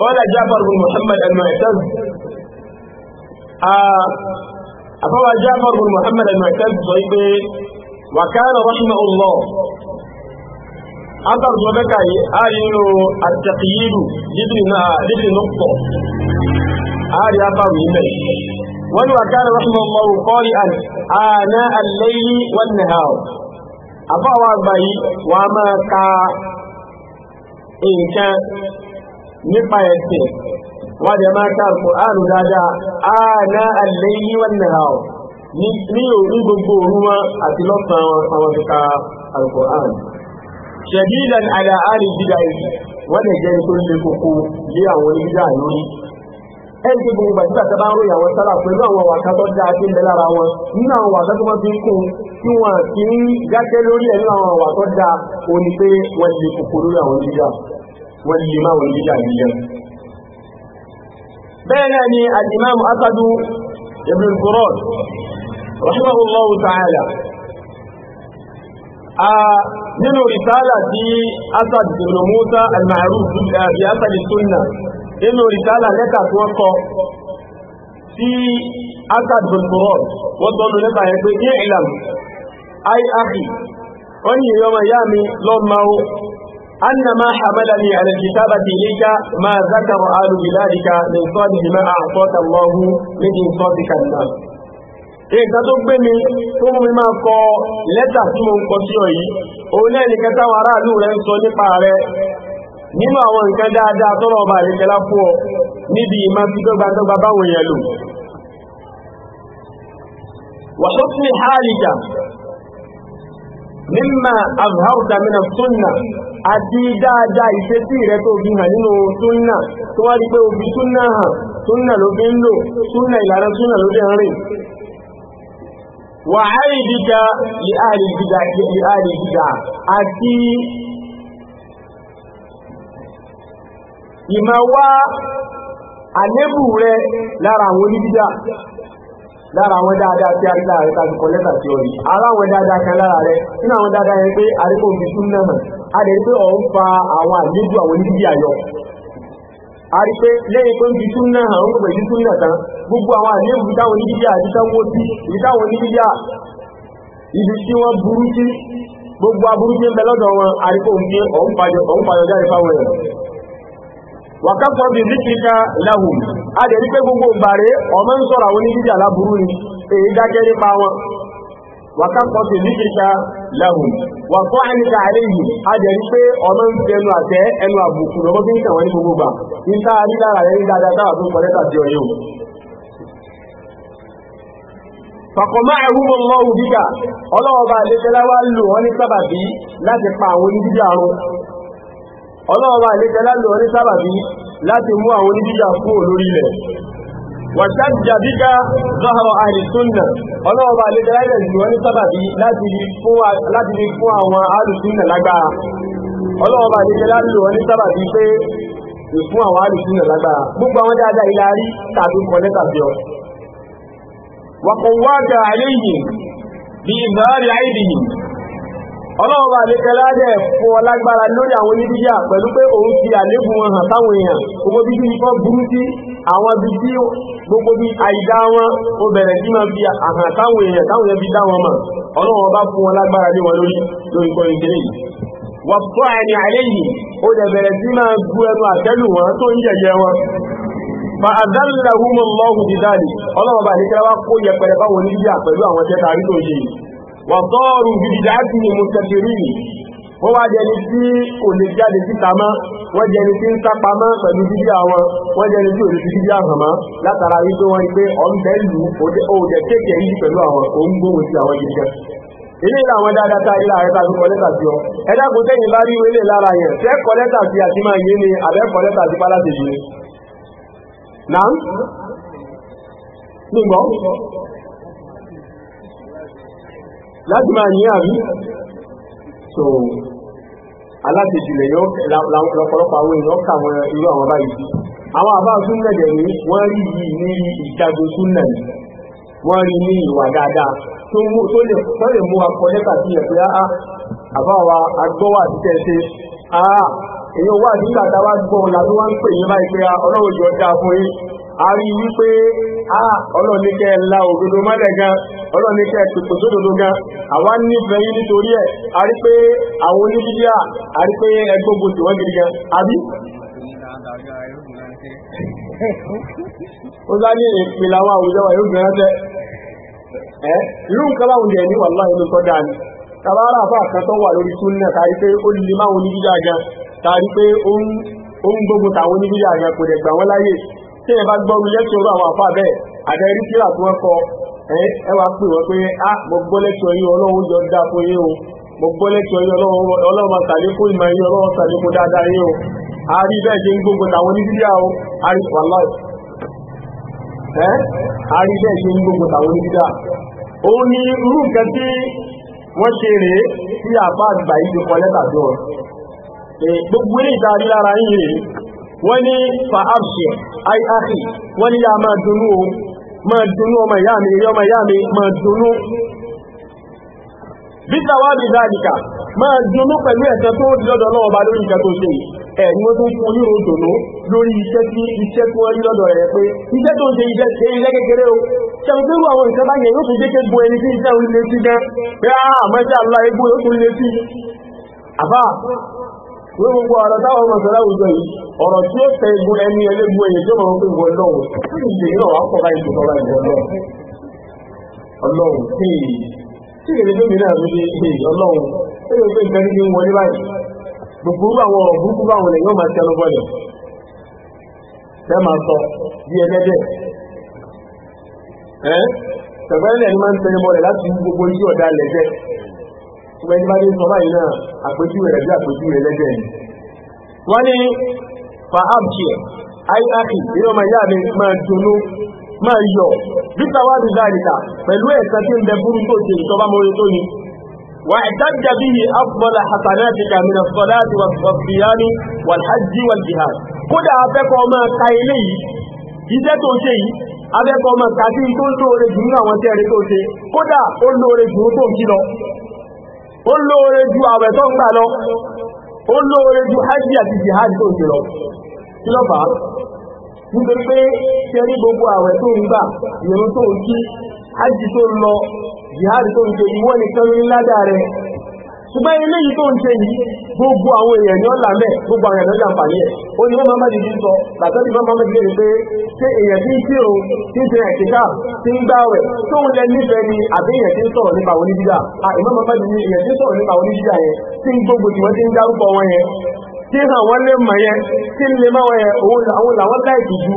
qala ja'far bin muhammad al-mu'taz àfọwà ja'far bin muhammad al-mu'taz sọ pé wa kana rahimahullah atar sọ bẹ́ka yìí a rí nínú àtẹ̀kìyìrù lídìí náà lídìí nọ́pọ̀ a rí atar yìí bẹ́ẹ̀ wani wa kana rahimallahu qari'an ana al-layli wan nahar àbá wa gbà yìí wọ́n a máa ka nǹkan nípa ẹ̀sìn wọ́n dẹ̀ máa ka Al-Qur'anu dáadáa ana al-layli wan nahar ní òní gbogbo òru wọn àti lọ́sàn wọn àwọn ti ka Al-Qur'an shadidan ala ali bid'ah wọ́n dẹ̀ jẹ́ nítorí lè kókó lé àwọn oníbídà lórí ẹni tí gbogbo ìgbà tí bá ń ròyìn àwọn sára pẹ̀lú àwọn wàká tó dáa tí ń bẹ lára wọn nínú àwọn wàká tó máa fi ń kún tí wọn kì í dákẹ́ lórí ẹ̀ nínú àwọn wàká tó dáa ó ní pé wọ́n lè kòkó lórí àwọn jíjà wọ́n lè má wọn jíjà jíjà. bẹ́ẹ̀ náà ni alimami asadu ibn qurad rahimahullahu ta'ala nínú risala tí asad ibn musa al-ma'ruf bi asad sunna nínú rìsálà lẹ́tà tí wọ́n kọ sí asad bulburon wọ́n tọ́nu lẹ́tà yẹn pé ní ìlàm ayi wọ́n ni ìyọ́ ma yá mi lọ́mọ́ anna ma hamalani ala kitabati ilayka ma zakaru alu biladika min fadli ma a'taka Allah min infadika an-nas nǹkan tó gbé mi tó mú mi máa kọ lẹ́tà tí mo kọ sí ọ yìí òun náà nìkan táwọn aráàlú rẹ̀ ń sọ nípa rẹ̀ nínú àwọn nǹkan dáadáa tọ́lọ ọba àríkẹlá fún ọ níbi ìmá tí tó gbàtọ́gbà báwọn èèyàn lò wàtó sí hálìjà mímà àbúháùtà mìíràn súnnà àti dáadáa ìṣesí rẹ̀ tó fi hàn nínú súnnà tó wá rí pé òbí súnnà hàn súnnà ló fi ń lò súnnà ìlànà súnnà ló fi rìn wà áìdíjà àti ìmọ̀ wá àlébù rẹ lára àwọn oníbídà lára àwọn dáadáa tí a rí láàrẹ tàbí kọlẹ́tà tí ó rí aláwọ̀ dáadáa kan lára rẹ nínú àwọn dáadáa yẹn pé àríkò òbí tún náà a lè rí pé ọ̀ ń fa àwọn àlejò àwọn oníbídà yọ a rí pé lẹ́yìn pé ń tún náà gbogbo ìdí tún náà tán gbogbo àwọn àlébù táwọn sí ibi tí wọ́n gbogbo aburú wàkàtọ̀ bí zikirika lahum a lè rí gbogbo ìbàrẹ́ ọmọ ń sọ̀rọ̀ àwọn onídíjà láburú ni èyí dákẹ́ nípa wọn wàkàtọ̀ bí zikirika lahum wàkọ́ àníkà a lè rí ọmọ ń fi ẹnu àtẹ́ ẹnu àbùkù lọ́wọ́ bí ní gbogbo gbà ní tá a rí lára dáadáa táwà tó kọ́lẹ́ tàbí ẹ̀rúmọ̀ gíga ọlọ́wọ́ bá ọlọ́ọ̀wà ìlẹ́jẹ́ lálọ́ ní sábàbí láti mú àwọn oníbíjà fún olórí ilẹ̀ wàṣájá zọ́hàrọ̀ àìsúnnà ọlọ́ọ̀bà lẹ́jẹ́ láìlẹ̀ ní sábàbí láti rí fún àwọn alùsúnnà lágbára ọlọ́ọ̀bà lẹ́jẹ́ lálọ́ ní sábàbí ọlọ́ọ̀bà àlékẹ́lá dẹ̀ fún ọlágbára lórí àwọn oníbíyà pẹ̀lú pé òun ti àlékún wọn hàn táwọn èèyàn gbogbo bí kí wọ́n burú sí àwọn bí tí gbogbo bí àìdá wọn ó bẹ̀rẹ̀ sí máa fi àhàn táwọn èèyàn táwọn èèyàn fi dá wọn mọ̀ ọlọ́ọ̀bà fún ọlágbára lé wọn lórí lórí kọ́ ìgbélé yìí wọ́n tó ẹni àlẹ́ yìí ó dẹ̀ bẹ̀rẹ̀ sí máa gbú ẹnu àtẹ́lù wọn tó ń yẹ̀yẹ wọn fa'adallahumullahu bi dhalik ọlọ́ọ̀bà àlékẹ́lá wá kó yẹpẹrẹ báwọn oníbíyà pẹ̀lú àwọn tẹ́ta àrídò yìí wà dọ́ọ̀rù bíbíjà á ti lè mú tẹ̀sírí wọ́n wá jẹni tí kò lè jáde síta mọ́ wọ́n jẹni tí ń sápa mọ́ pẹ̀lú bíbíà wọn wọ́n jẹni tí ò lè fi bíbíà hàn mọ́ látara wípé wọ́n rí pé ọ̀nbẹ́ lù òòjẹ kéèkè yìí pẹ̀lú àwọn òun gbóhùn sí àwọn yìí gan ilé ìlà àwọn dáadáa tá ilé ààrẹ tàbí kọ́lẹ́tà sí ọ ẹ̀dá kò tẹ́yìn bá rí ilé lára yẹn tẹ́ kọ́lẹ́tà sí àti máa yé ni àbẹ́ kọ́lẹ́tà sí pálásì yìí náà nígbọ́ láti máa ní àrí so alátẹ̀jùlẹ̀ lọ́pọ̀lọpọ̀ àwọn èèyàn kàwọn irú àwọn báyìí àwọn àbá súnnà dẹ̀ ní wọ́n rí yìí ní ìjagun súnnà ní wọ́n rí ní ìwà dáadáa tó lè mú akọ lẹ́kà sí ẹ̀ pé á ah, ah, àbáwa agbọ́wà títẹ̀ ṣe ah, a yi wípé a ọlọ́nikẹ́ la òdodo mọ́lẹ̀ gan ọlọ́nikẹ́ tòkò sódodo gan àwa nífẹ̀ẹ́ yìí nítorí ẹ̀ a pé àwọn a pé ẹgbógbò tí wọ́n gidi gan àbí ó dá ní ìpìlẹ̀ àwọn àwùjọ wa yóò gbẹ̀rẹ́ tẹ́ ẹ́ irú nǹkan ni ilẹ̀ ní wàlá ìlú dáa ni tàbára àfà kan wà lórí pé ó lè máa gan pé ó ń tí ẹ bá gbọ́rú lẹ́kṣọ̀ ọ̀rọ̀ àwọn àfa bẹ́ẹ̀ àtẹ̀rí tíra tí wọ́n kọ ẹ wá pè wọ́n pé a ah, mo gbọ́ lẹ́kṣọ̀ yìí ọlọ́run yọ dá fún yìí o mo gbọ́ lẹ́kṣọ̀ yìí ọlọ́run àtàlékún ìmọ̀ yìí ọlọ́run àtàlékún dáadáa yìí o a rí bẹ́ẹ̀ ṣe ń gbógun tàwọn oníbíyà o a rí wàláì ẹ́ a rí bẹ́ẹ̀ ṣe ń gbógun tàwọn oníbíyà òun ni irú nǹkan tí wọ́n ṣe rèé tí àfa àgbà yìí ti kọ lẹ́tà sí wọn gbogbo eré ìta rí lára yìí rèé wani ní fa'arṣẹ́ ay akhi ya ma dunu ohun máa dunú ọmọ ìyá mi eré ọmọ ìyá mi máa dunú bí tàwábì dáadìkà máa dunú tó ọba lórí tó ṣe fún dùnú lórí tí pé tó ṣe ṣe o àwọn nǹkan bá yẹn yóò tún jẹ́kẹ́ gbọ́ ẹni tí iṣẹ́ lé sí gan pé ah, àmọ́ ní gbogbo ara táwọn ọmọ sọ̀rọ̀ àwùjọ yìí ọ̀rọ̀ tí ó tẹ egun ẹni ẹlẹ́gun ẹ̀yẹ tó máa ń gbogbo ọlọ́run tí ìṣe náà wàá kọ́ra ìṣe kọ́ra ìṣe ọlọ́run ọlọ́run tí tí ìrìn tó mìíràn tó ṣe ṣe ọlọ́run tó lè fi nǹkan wọlé báyìí gbogbo àwọn ọ̀rọ̀ burúkú máa sọ bí ẹlẹ́dẹ̀ ẹ́ ṣùgbọ́n ẹni bá ní sọ báyìí náà àpèjúwe rẹ̀ bí àpèjúwe lẹ́jẹ̀ ni wọ́n ní fa abki aitaki nínú ọmọ ìyá mi máa dùnnú máa yọ bíta wá bí dáríta pẹ̀lú ẹ̀sẹ̀ tí ń bẹ fún tó ṣe ìtọ́bá mọ́rí tó ní wà ìdájá bí i afọ́lá hasanatika mina sọ́láti wà sọ́fíyání wà hajji wà jihad kódà afẹ́kọ̀ọ́ máa ka ilé yìí iṣẹ́ tó ṣe yìí afẹ́kọ̀ọ́ máa ka sí tó lóore jù nínú àwọn tẹ́rẹ tó ṣe kódà ó lóore jù tó ń kí lọ ó lóore ju àwẹ̀ tó ń gbà lọ ó lóore ju hajj àti jihad tó ṣe lọ kí ló fà á nítorí gbogbo àwẹ̀ tó ń gbà ìrun tó ń kí hajj tó ń lọ jihad tó ń ní ládàá ṣùgbọ́n eléyìí tó ń ṣe yìí gbogbo àwọn èèyàn ni ó là mẹ́ gbogbo àwọn èèyàn ló jàǹfààní ẹ̀ ó ní mọ́mọ́ mẹ́jì ti sọ làtọ́jú mọ́mọ́ mẹ́jì lè pé ṣé èèyàn tí ń kírun tí ń ṣe ẹ̀kíkà tí ń gbáwẹ̀ tó ń lẹ nífẹ̀ẹ́ ni àbí èèyàn tí ń sọ̀rọ̀ nípa àwọn onídídà ìmọ́mọ́ mẹ́jì ni èèyàn tí ń sọ̀rọ̀ nípa àwọn onídídà yẹn tí ń gbogbo tí wọ́n ti ń dárúkọ wọn yẹn tí àwọn lè mọ̀ yẹn tí ń lè mọ́ wọn yẹn òun làwọn láìkì ju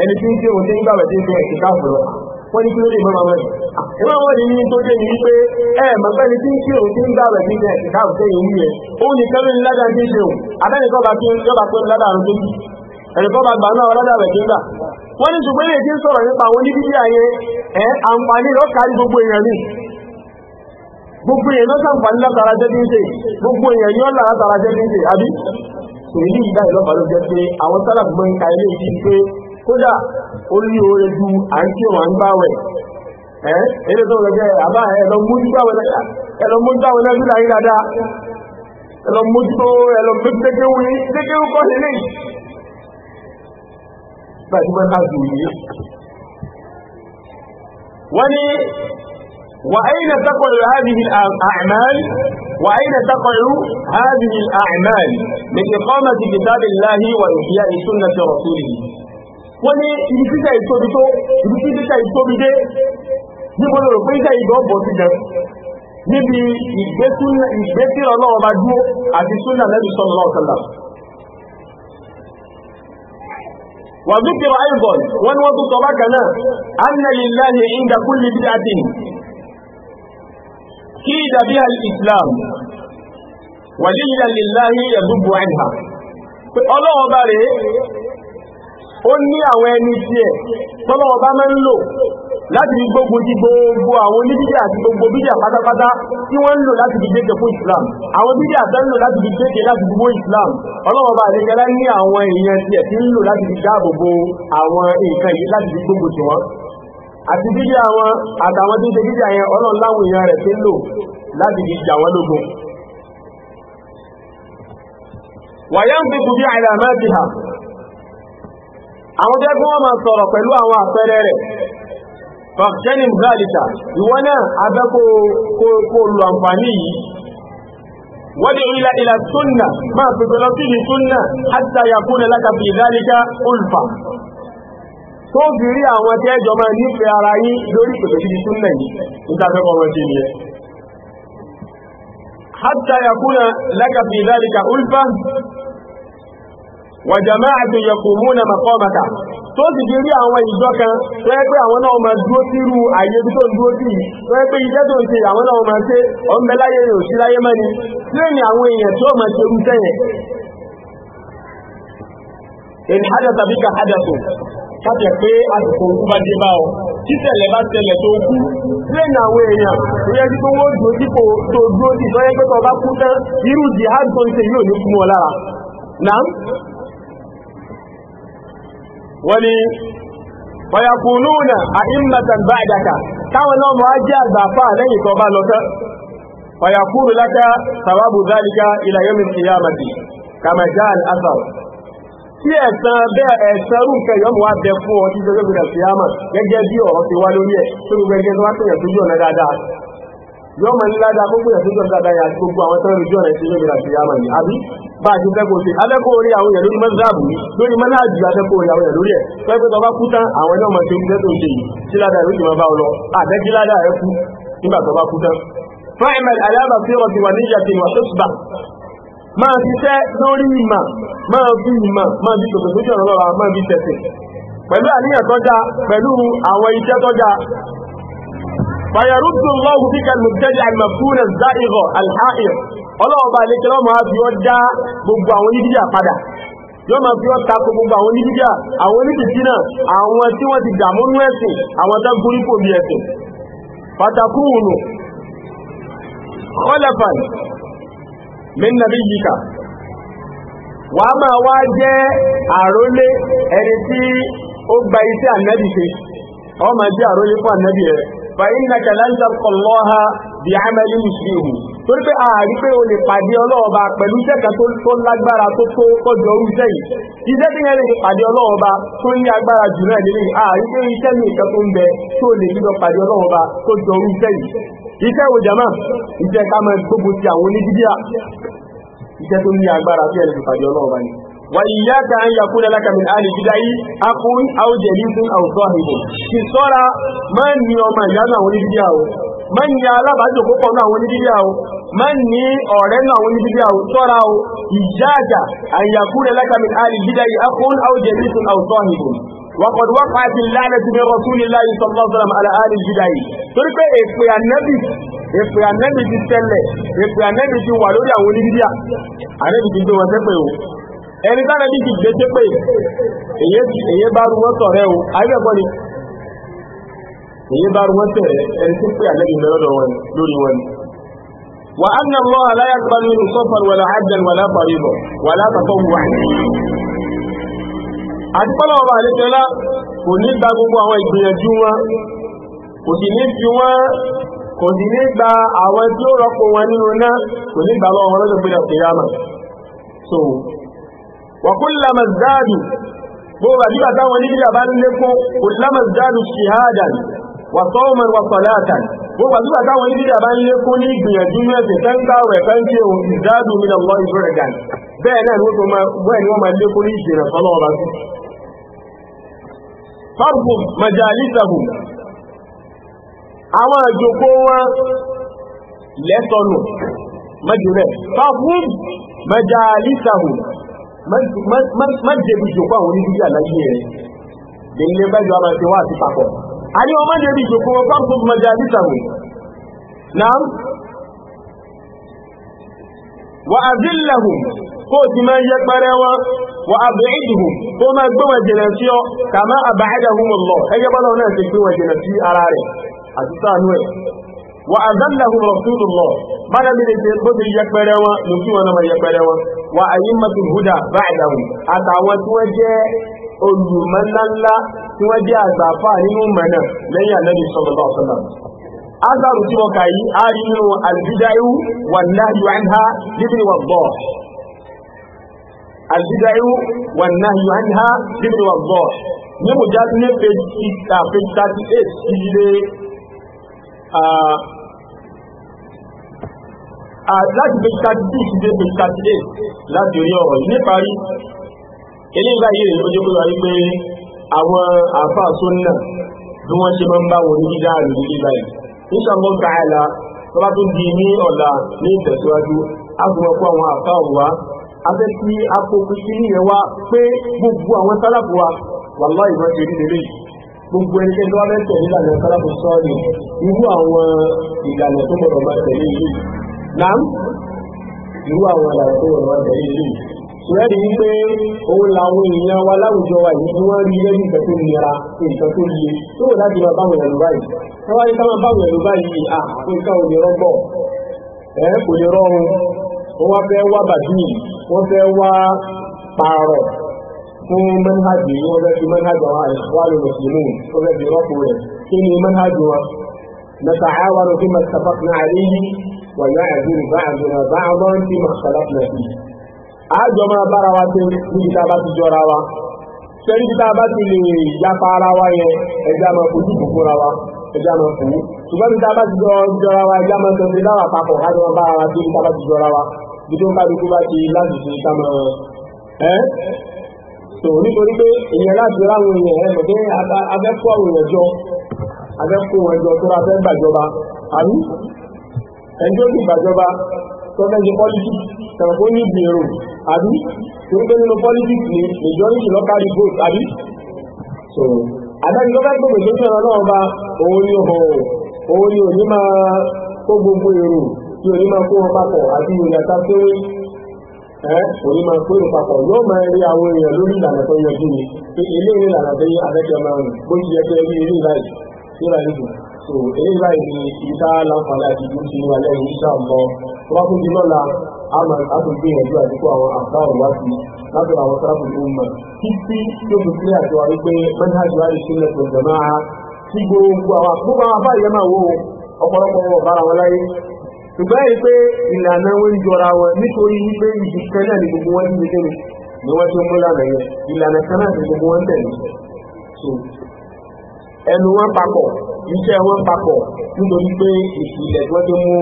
ẹni tí ń kírun tí ń gbáwẹ̀ tí ń ṣe ẹ̀kíkà fún lọ wọ́n kí ló lè mọ́ ìwé àwọn ènìyàn tó dé yìí pé ẹ mọ̀fẹ́ni tí ń ṣe òun tí ń gbà rẹ̀ nígbà ìdá òṣè yìí ń yẹ òun ní kẹ́lú ní ládàá tí ń ṣe òun abẹ́nìkọ́ba tí yọba pé ládàá rẹ̀ tó ń ẹ̀rẹ̀kọ́ba gbà náà ládàá rẹ̀ tó ń gbà wọ́n ní ṣùgbọ́n èyí tí ń sọ̀rọ̀ nípa àwọn oníbíbí ayé ẹ̀ àǹfààní gbogbo èèyàn gbogbo èèyàn lọ́sàn gbogbo èèyàn yọ́ lára tara jẹ́ ka ilé pé kódà ó ẹ́ eré tó rẹ̀ jẹ́ àbá ẹ̀lọ mójútàwẹ̀ náà dúdà yìí dáadáa ẹ̀lọ mójútó ẹ̀lọ gbẹ́gbẹ́gbẹ́wò yìí gbẹ́gbẹ́wò kọ́ sí lè gbàjúmọ́ káàkì yìí wọ́n ni wà áyínà takọ̀lù hádìí àmàlì wà áyínà takọ̀lù hádìí àmàlì mẹ́kẹ̀ kọ́mà ti kìtàbí láhí wà ìhìyà ìsúnnà tẹ̀rọ̀ sórí wọ́n ni ibi títà ìtóbi tó ibi títà ìtóbi dé níbo ló rò pé iṣẹ́ ìgbà ọ̀bọ̀ ti bẹ̀rẹ̀ níbi ìgbésí ọlọ́wọ́ bá dúró àti súnà lẹ́bi sọ́nà lọ́ọ̀kọ́lá وذكر أيضا ونوض طبقنا أن لله عند كل بدعة كيد بها الإسلام وليا لله يذب عنها ọlọ́wọ́ bá rèé ó ní àwọn ẹni tí tọ́lọ́wọ́ bá máa ń lò láti fi gbogbo ti gbogbo àwọn oníbídí àti gbogbo bídí pátápátá tí wọ́n ń lò láti fi gbéke fún Islam àwọn bídí lò láti fi láti gbogbo Islam ọlọ́wọ́ba àdéjẹ́lá ní àwọn èèyàn tí ẹ̀ tí ń lò láti fi dáàbòbò àwọn nǹkan yìí láti fi gbogbo tí wọ́n àti bídí àwọn àtàwọn tí ń ṣe bídí àyẹn fàṣẹ́nì zálìkà ìwọ náà abẹ́ kó lo àǹfààní yìí wọ́dẹ̀ ilẹ̀ ilẹ̀ súnnà máa pẹ̀lú lọ sí súnnà hatta yakuna laka fi zálìkà ulfa tó fi rí àwọn tẹ́jọ máa nífẹ̀ẹ́ ara yín lórí pẹ̀lú sí súnnà yìí nítafẹ́ kọ́ tó sì fi rí àwọn ìjọ kan tó pé àwọn náà máa dúró sírú àyè awọn tó ń dúró sí tó pé iṣẹ́ tó ń ṣe àwọn náà máa ṣe láyé sí tí ní àwọn èèyàn ka hada tó kájẹ pé àsìkò òkú bá dé bá ọ títẹ̀lẹ̀ bá tẹ̀lẹ̀ tó kú lẹ́yìn àwọn èèyàn tó yẹ kí wọ́n dúró dípò tó dúró tó yẹ tó bá kú tán irú wọ́n ni fayakununa a'immatan ba'daka táwọn náà mọ́ ajé àgbàfà lẹ́yìn tó bá lọ́tọ́ fayakunu laka sawabu dhalika ila yawmi al-qiyamati kama jaa al-athar tí ẹ̀sán bẹ́ẹ̀ ẹ̀sán rúnkẹ yọmù wá bẹ fún ọ títí ọjọ́ ìgbìyànjú àmà gẹ́gẹ́ bí ọ̀rọ̀ ti wá lórí ẹ̀ tó gbogbo ẹgbẹ́ tó wá tẹ̀yẹ̀ tó jù ọ̀nà dáadáa yóò máa ní ládàá gbogbo ẹ̀sìn tó dáadáa yà gbogbo àwọn tẹ́lẹ̀ ojú ọ̀nà ìṣẹ́lẹ̀ ìrìnà sí yàmà ní àbí bá a ti fẹ́ kó ṣe abẹ́kọ̀ orí àwọn èèyàn lórí mọ́sáàbù lórí mọ́náàjì abẹ́kọ̀ orí àwọn èèyàn lórí ẹ̀ pẹ́pẹ́ tó bá kú tán àwọn ẹni ọmọ ṣe ń tẹ́tò ṣe yìí sí ládàá lójú máa bá ọ lọ àdẹ́jí ládàá ẹ kú nígbà tó bá kú tán. fáìmẹ̀l aláàbà fi ọ̀rọ̀ ti wà ní ìyàtì ìwà tó فيرد الله بك المبتدع المفتون الزائغ الحائر ọlọ́wọ́ bá lè kẹlọ́ máa fi ọ́ dá gbogbo àwọn onídíjà padà yóò máa fi ọ́ tako gbogbo àwọn onídíjà àwọn onídìjí náà àwọn tí wọ́n ti dàmú nú ẹ̀sìn àwọn tán gorí kò bí ẹ̀sìn fatakúùnù khalafan min nabiyyika wà á máa wá jẹ́ àrólé ẹni tí ó gba iṣẹ́ ànábì ṣe ọ máa jẹ́ àrólé fún ànábì rẹ̀ فإنك لن تلقى الله بعمل يشبهه torí pé ààrí pé o lè pàdé ọlọ́ọba pẹ̀lú iṣẹ́ kan tó lágbára tó tó kọjọ orú iṣẹ́ yìí iṣẹ́ tí yẹn lè pàdé ọlọ́ọba tó ní agbára jù náà lè ààrí pé iṣẹ́ ní ìkan tó ń bẹ tó lè gbígbọ́ pàdé ọlọ́ọba tó jọ orú yìí iṣẹ́ wo jama iṣẹ́ ká mọ gbogbo ti àwọn onídídíà iṣẹ́ tó ní agbára tó yẹ wa iyyaka an yakuna laka min ahli bid'ah akhun aw jalisun aw sahibun kí sọ́ra má ní ọmọ ìyá náà wọ́n ní bídíà o má ní alábàájò púpọ̀ náà wọ́n ní bídíà o má ní ọ̀rẹ́ náà wọ́n ní bídíà o sọ́ra o iyyaka an yakuna laka min ahli bid'ah akhun aw jalisun aw sahibun وقد وقعت اللعنة من رسول الله صلى الله عليه وسلم على آل البدع torí pé èpè ànábì èpè ànábì ti tẹ̀lẹ̀ èpè ànábì ti wà lórí àwọn oníbíbíà ànábì ti gbé wọn sẹ́pẹ̀ o ẹni tánà bí ti gbé tépè èyẹ bá rú wọ́n sọ̀rẹ́ o àìbẹ̀kọ́ ni èyẹ bá rú wọ́n sẹ̀rẹ̀ ẹni tí pé àlẹ́bí lọ́dọ̀ wọn lórí wọn wà á nà lọ́ aláyàgbá nínú sọ́fàn wàlá àjẹn wàlá pàrìbọ̀ wàlá tàtọ́ wà àti pọ́lọ̀ ọba àlẹ́tẹ́lá kò ní gba gbogbo àwọn ìgbìyànjú wọn kò sì ní fi wọn kò sì ní gba àwọn tí ó rọ́pò wọn nínú náà kò ní gba lọ́wọ́ وكلما ازدادوا بوغا ديبا تاو نيجي ابان لكو كلما ازدادوا شهادا وصوما وصلاة بوغا ديبا تاو نيجي ابان لكو نيجي يجيو تنكا وكانتي ازدادوا من الله فردا بينا نوتو ما وين وما لكو نيجي صلاه الله فرض مجالسهم àwọn àjòkó wọn lẹ́sọ̀nù mẹ́jù rẹ̀ fàfún má jẹ̀bi ìjòkó àwọn onídìí àlàyé ẹ̀ èyí lè bẹ́jọ àmà ìṣẹ́wà àti papọ̀ a ní ọmọ jẹ̀bi ìjòkó wọn fáwọn tó mọ̀jẹ̀ àdìsàwò náà wà àdìlẹ̀hùn kó o ti máa yẹpẹrẹ wọn wà àbẹ̀ẹ́dùhùn kó o máa gbé wọn jìnà sí ọ kà má àbáyàhùn lọ ẹgbẹ́ bọ́lá náà ti gbé wọn jìnà sí ara rẹ̀ àti sáà wa azallahum rasulullah bala bi de bo bi yakpere wọn mo ki wọn ma yakpere wọn wa ayyimatul huda ba'dahum àtàwọn tí wọ́n jẹ́ olùmọ̀lánlá tí wọ́n jẹ́ àgbàfà nínú mọ̀nà lẹ́yìn ànábì sallallahu alaihi wasallam azaru tí wọ́n kà yí a rí nínú nahyu anha libni wà bọ́ albidayu wà nahyu anha libni wà bọ́ ní mo já ní page 38 ilé láti page thirty six dé page thirty eight láti orí ọ̀rọ̀ yìí níparí eléyìí báyìí rèé ojú kó sáré pé àwọn àáfàá sóńnà bí wọ́n ṣe máa ń bá wọn ní dídá àrùn ní báyìí nísàmọ́ káàlà tó bá tó di ní ọ̀la ní ìtẹ̀síwájú a fi wọn kó àwọn àáfàá wa afẹ́ kí akókò sí ní ẹwà pé gbogbo àwọn sálàbù wa wàláhì wọ́n ṣe rí lélẹ̀ gbogbo ẹnikẹ́ni wọ́n fẹ́ tẹ̀lé ìlànà sálàbù sọ́ọ̀lì irú àwọn ìlànà tó mọ̀rọ̀ máa tẹ̀lé yìí náà irú àwọn àlàyé tó wọ̀n wọ́n bẹ̀rẹ̀ sí ìrẹ́dì wípé òun làwọn èèyàn wa láwùjọ wa yìí tí wọ́n rí lẹ́yìn ìgbẹ́ tó nira nǹkan tó le tó wò láti máa báwọn ẹ̀rù báyìí wọ́n wá ní ká máa báwọn ẹ̀rù báyìí àpò ìka ò lè rọ́gbọ̀ ẹ̀ kò lè rọrùn wọ́n wá fẹ́ wá bàbí wọ́n fẹ́ wá pààrọ̀ fún mẹ́nhàjì wọ́n fẹ́ fi mẹ́nhàjì àwọn àìsàn mùsùlùmí wọ́n fẹ́ fi rọ́pò rẹ̀ kí ni mẹ́nhàjì wọn ويعذر بعضنا بعضا فيما اختلفنا فيه àjọ máa bára wa tó níbi tá a bá ti jọra wa sẹ́yìn tí tá a bá ti lè yapa ara wa yẹn ẹja máa fojú fòfóra wa ẹja máa fò ó ṣùgbọ́n tí tá a bá ti jọra wa ẹja máa tẹ̀lé láwà papọ̀ àjọ máa bára wa tó níbi tá a bá ti jọra wa bí tó ń bá dúkú bá ti láti ṣe ká máa ẹ́ tó nítorí pé èèyàn láti ráwọn èèyàn ẹ̀ mọ̀ pé abẹ́kọ̀ àwọn èèyàn jọ tó ra fẹ́ gbàjọba àbí ẹjọ́ ti gbàjọba tọ́lẹ́jì politics tẹ̀wọ̀n ó ní ìgbèrò àbí tó ń gbé nínú politics ní majority local vote àbí so adájọ́ tó bá gbogbo ìgbésẹ̀ ọ̀rọ̀ náà bá òun ni ọ̀hún òun ni òní máa kó gbogbo èrò tí òní máa kó wọn papọ̀ àti òní àtàkéwé ẹ́ òní máa kó èrò papọ̀ yóò máa rí àwọn èèyàn lórí ìlànà tó yẹ kí ni ilé ìlànà tó yẹ abẹ́kẹ́ máa rìn bó ti yẹ kí ẹ rí eré ìbáyìí nígbà so eléyìí báyìí ni ìta láǹfààní àti ìlú ti wà lẹ́yìn iṣẹ́ àmọ́ tó bá tún di lọ́la a tún gbìyànjú àdínkù àwọn àtàwọn ìwádìí láti àwọn sáàpù tó mọ̀ títí tó fi sílẹ̀ àti wà wípé mẹ́tàjì wà lè sílẹ̀ tó jẹ̀mọ́ a tí gbogbo àwọn àkókò àwọn àbáyé máa wo ọ̀pọ̀lọpọ̀ wọn bára wọn láyé ṣùgbọ́n yìí pé ìlànà wọn jọra wọn nítorí wípé ìdí kan náà ni gbogbo wọn ní ilé ni wọ́n tó mú lánàá ẹnu wọn papọ̀ iṣẹ́ wọn papọ̀ nítorí pé ìpìlẹ̀ tí wọ́n ti mú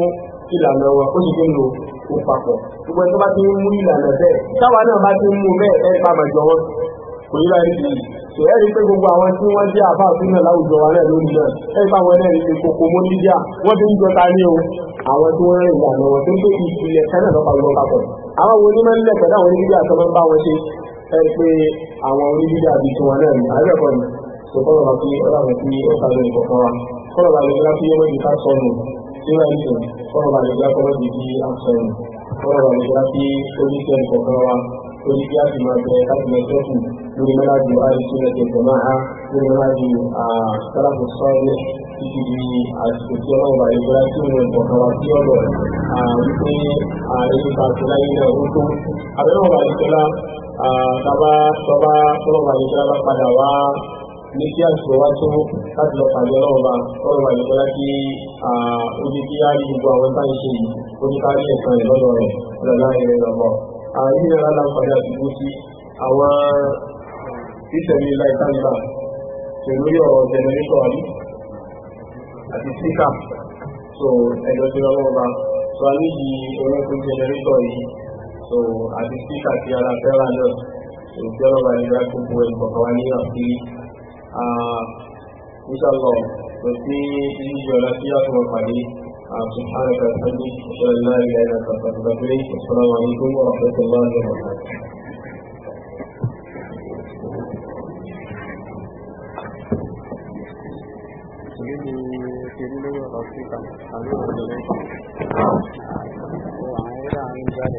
ìlànà wọn ó ti fi ń lo òun papọ̀ gbogbo ẹni tó bá ti ń mú ìlànà bẹ́ẹ̀ táwa náà bá ti ń mú bẹ́ẹ̀ ẹ̀rí bá máa jọ wọn kò yí bá rí sí ṣò ẹ́ rí pé gbogbo àwọn tí wọ́n jẹ́ àbá òfin náà láwùjọ wa náà lórí náà ẹ̀rí bá wọn náà rí kòkò mọ́ níjà wọ́n ti ń jọta ní o àwọn tí wọ́n rìn ìlànà wọn tó ń pè ìpìlẹ̀ kánà lọ́pàá lọ́pàá papọ̀ àwọn wo ni máa ń lẹ̀ pẹ̀lú àwọn oníbíjà tó máa ń bá wọn ṣe ẹ̀rí pé àwọn oníbíjà bíi tiwọn náà ní àárẹ̀ kan ní se sọ̀tọ́rọ̀ bá fi ọ̀rọ̀ àwọn tí ó sáré nìkan fún wa sọ̀rọ̀ bá lè gbá fi ẹwọ́ ìdíkà sọnù tí wọ́n ń sìn sọ̀rọ̀ bá lè gbá fọwọ́ di bí a sọnù sọ̀rọ̀ bá lè gbá fi oníṣẹ́ nìkan fún wa lórí bí a sì máa bẹ láti lọ sẹ́kù lórí mẹ́ta ju àìsí ẹ̀kẹ́ tẹ̀mọ́ a lórí mẹ́ta ju sálàkù sọ́ọ̀rẹ́ títí di àsìkò tí ọmọ ìwà ìgbéra tí òun ẹ̀kọ́ kan wá sí ọ̀dọ̀ wípé èyí ta sí láyé náà ó tó àbẹ̀wò ìwà ìgbéra tọ́ba tọ́ba tọ́ba ìgbéra bá padà wá ní kí àṣìkò wá tó láti lọ pàdé ọlọ́run bá ọlọ́run bá ìjọba kí ó ní kí á rí gbogbo àwọn táyé ṣe yìí ó ní ká rí ẹ̀sán rẹ̀ lọ́dọ̀ rẹ̀ lọ́la ẹ̀rẹ̀ lọ́bọ̀. àyè ìrẹ́lá láǹfààní àdúgbò sí àwọn ìṣẹ̀lẹ̀ ilá ìtàlíbà pẹ̀lú ọ̀rọ̀ jẹnẹrétọ̀ àbí àti síkà so ẹjọ́ tí ọlọ́run bá so a ní yí olókun jẹnẹrétọ̀ yìí so àti síkà ti ara fẹ́ràn náà so ìjọba ìjọba gbogbo ẹ̀kọ̀ọ̀kan wa ní àfihàn uh, insyaallah nanti ini jualan siap kembali سبحانك وبحمدك اشهد ان لا اله الا انت استغفرك والسلام عليكم ورحمه الله وبركاته ஆயிரம் ஐந்து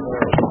ரூபாய்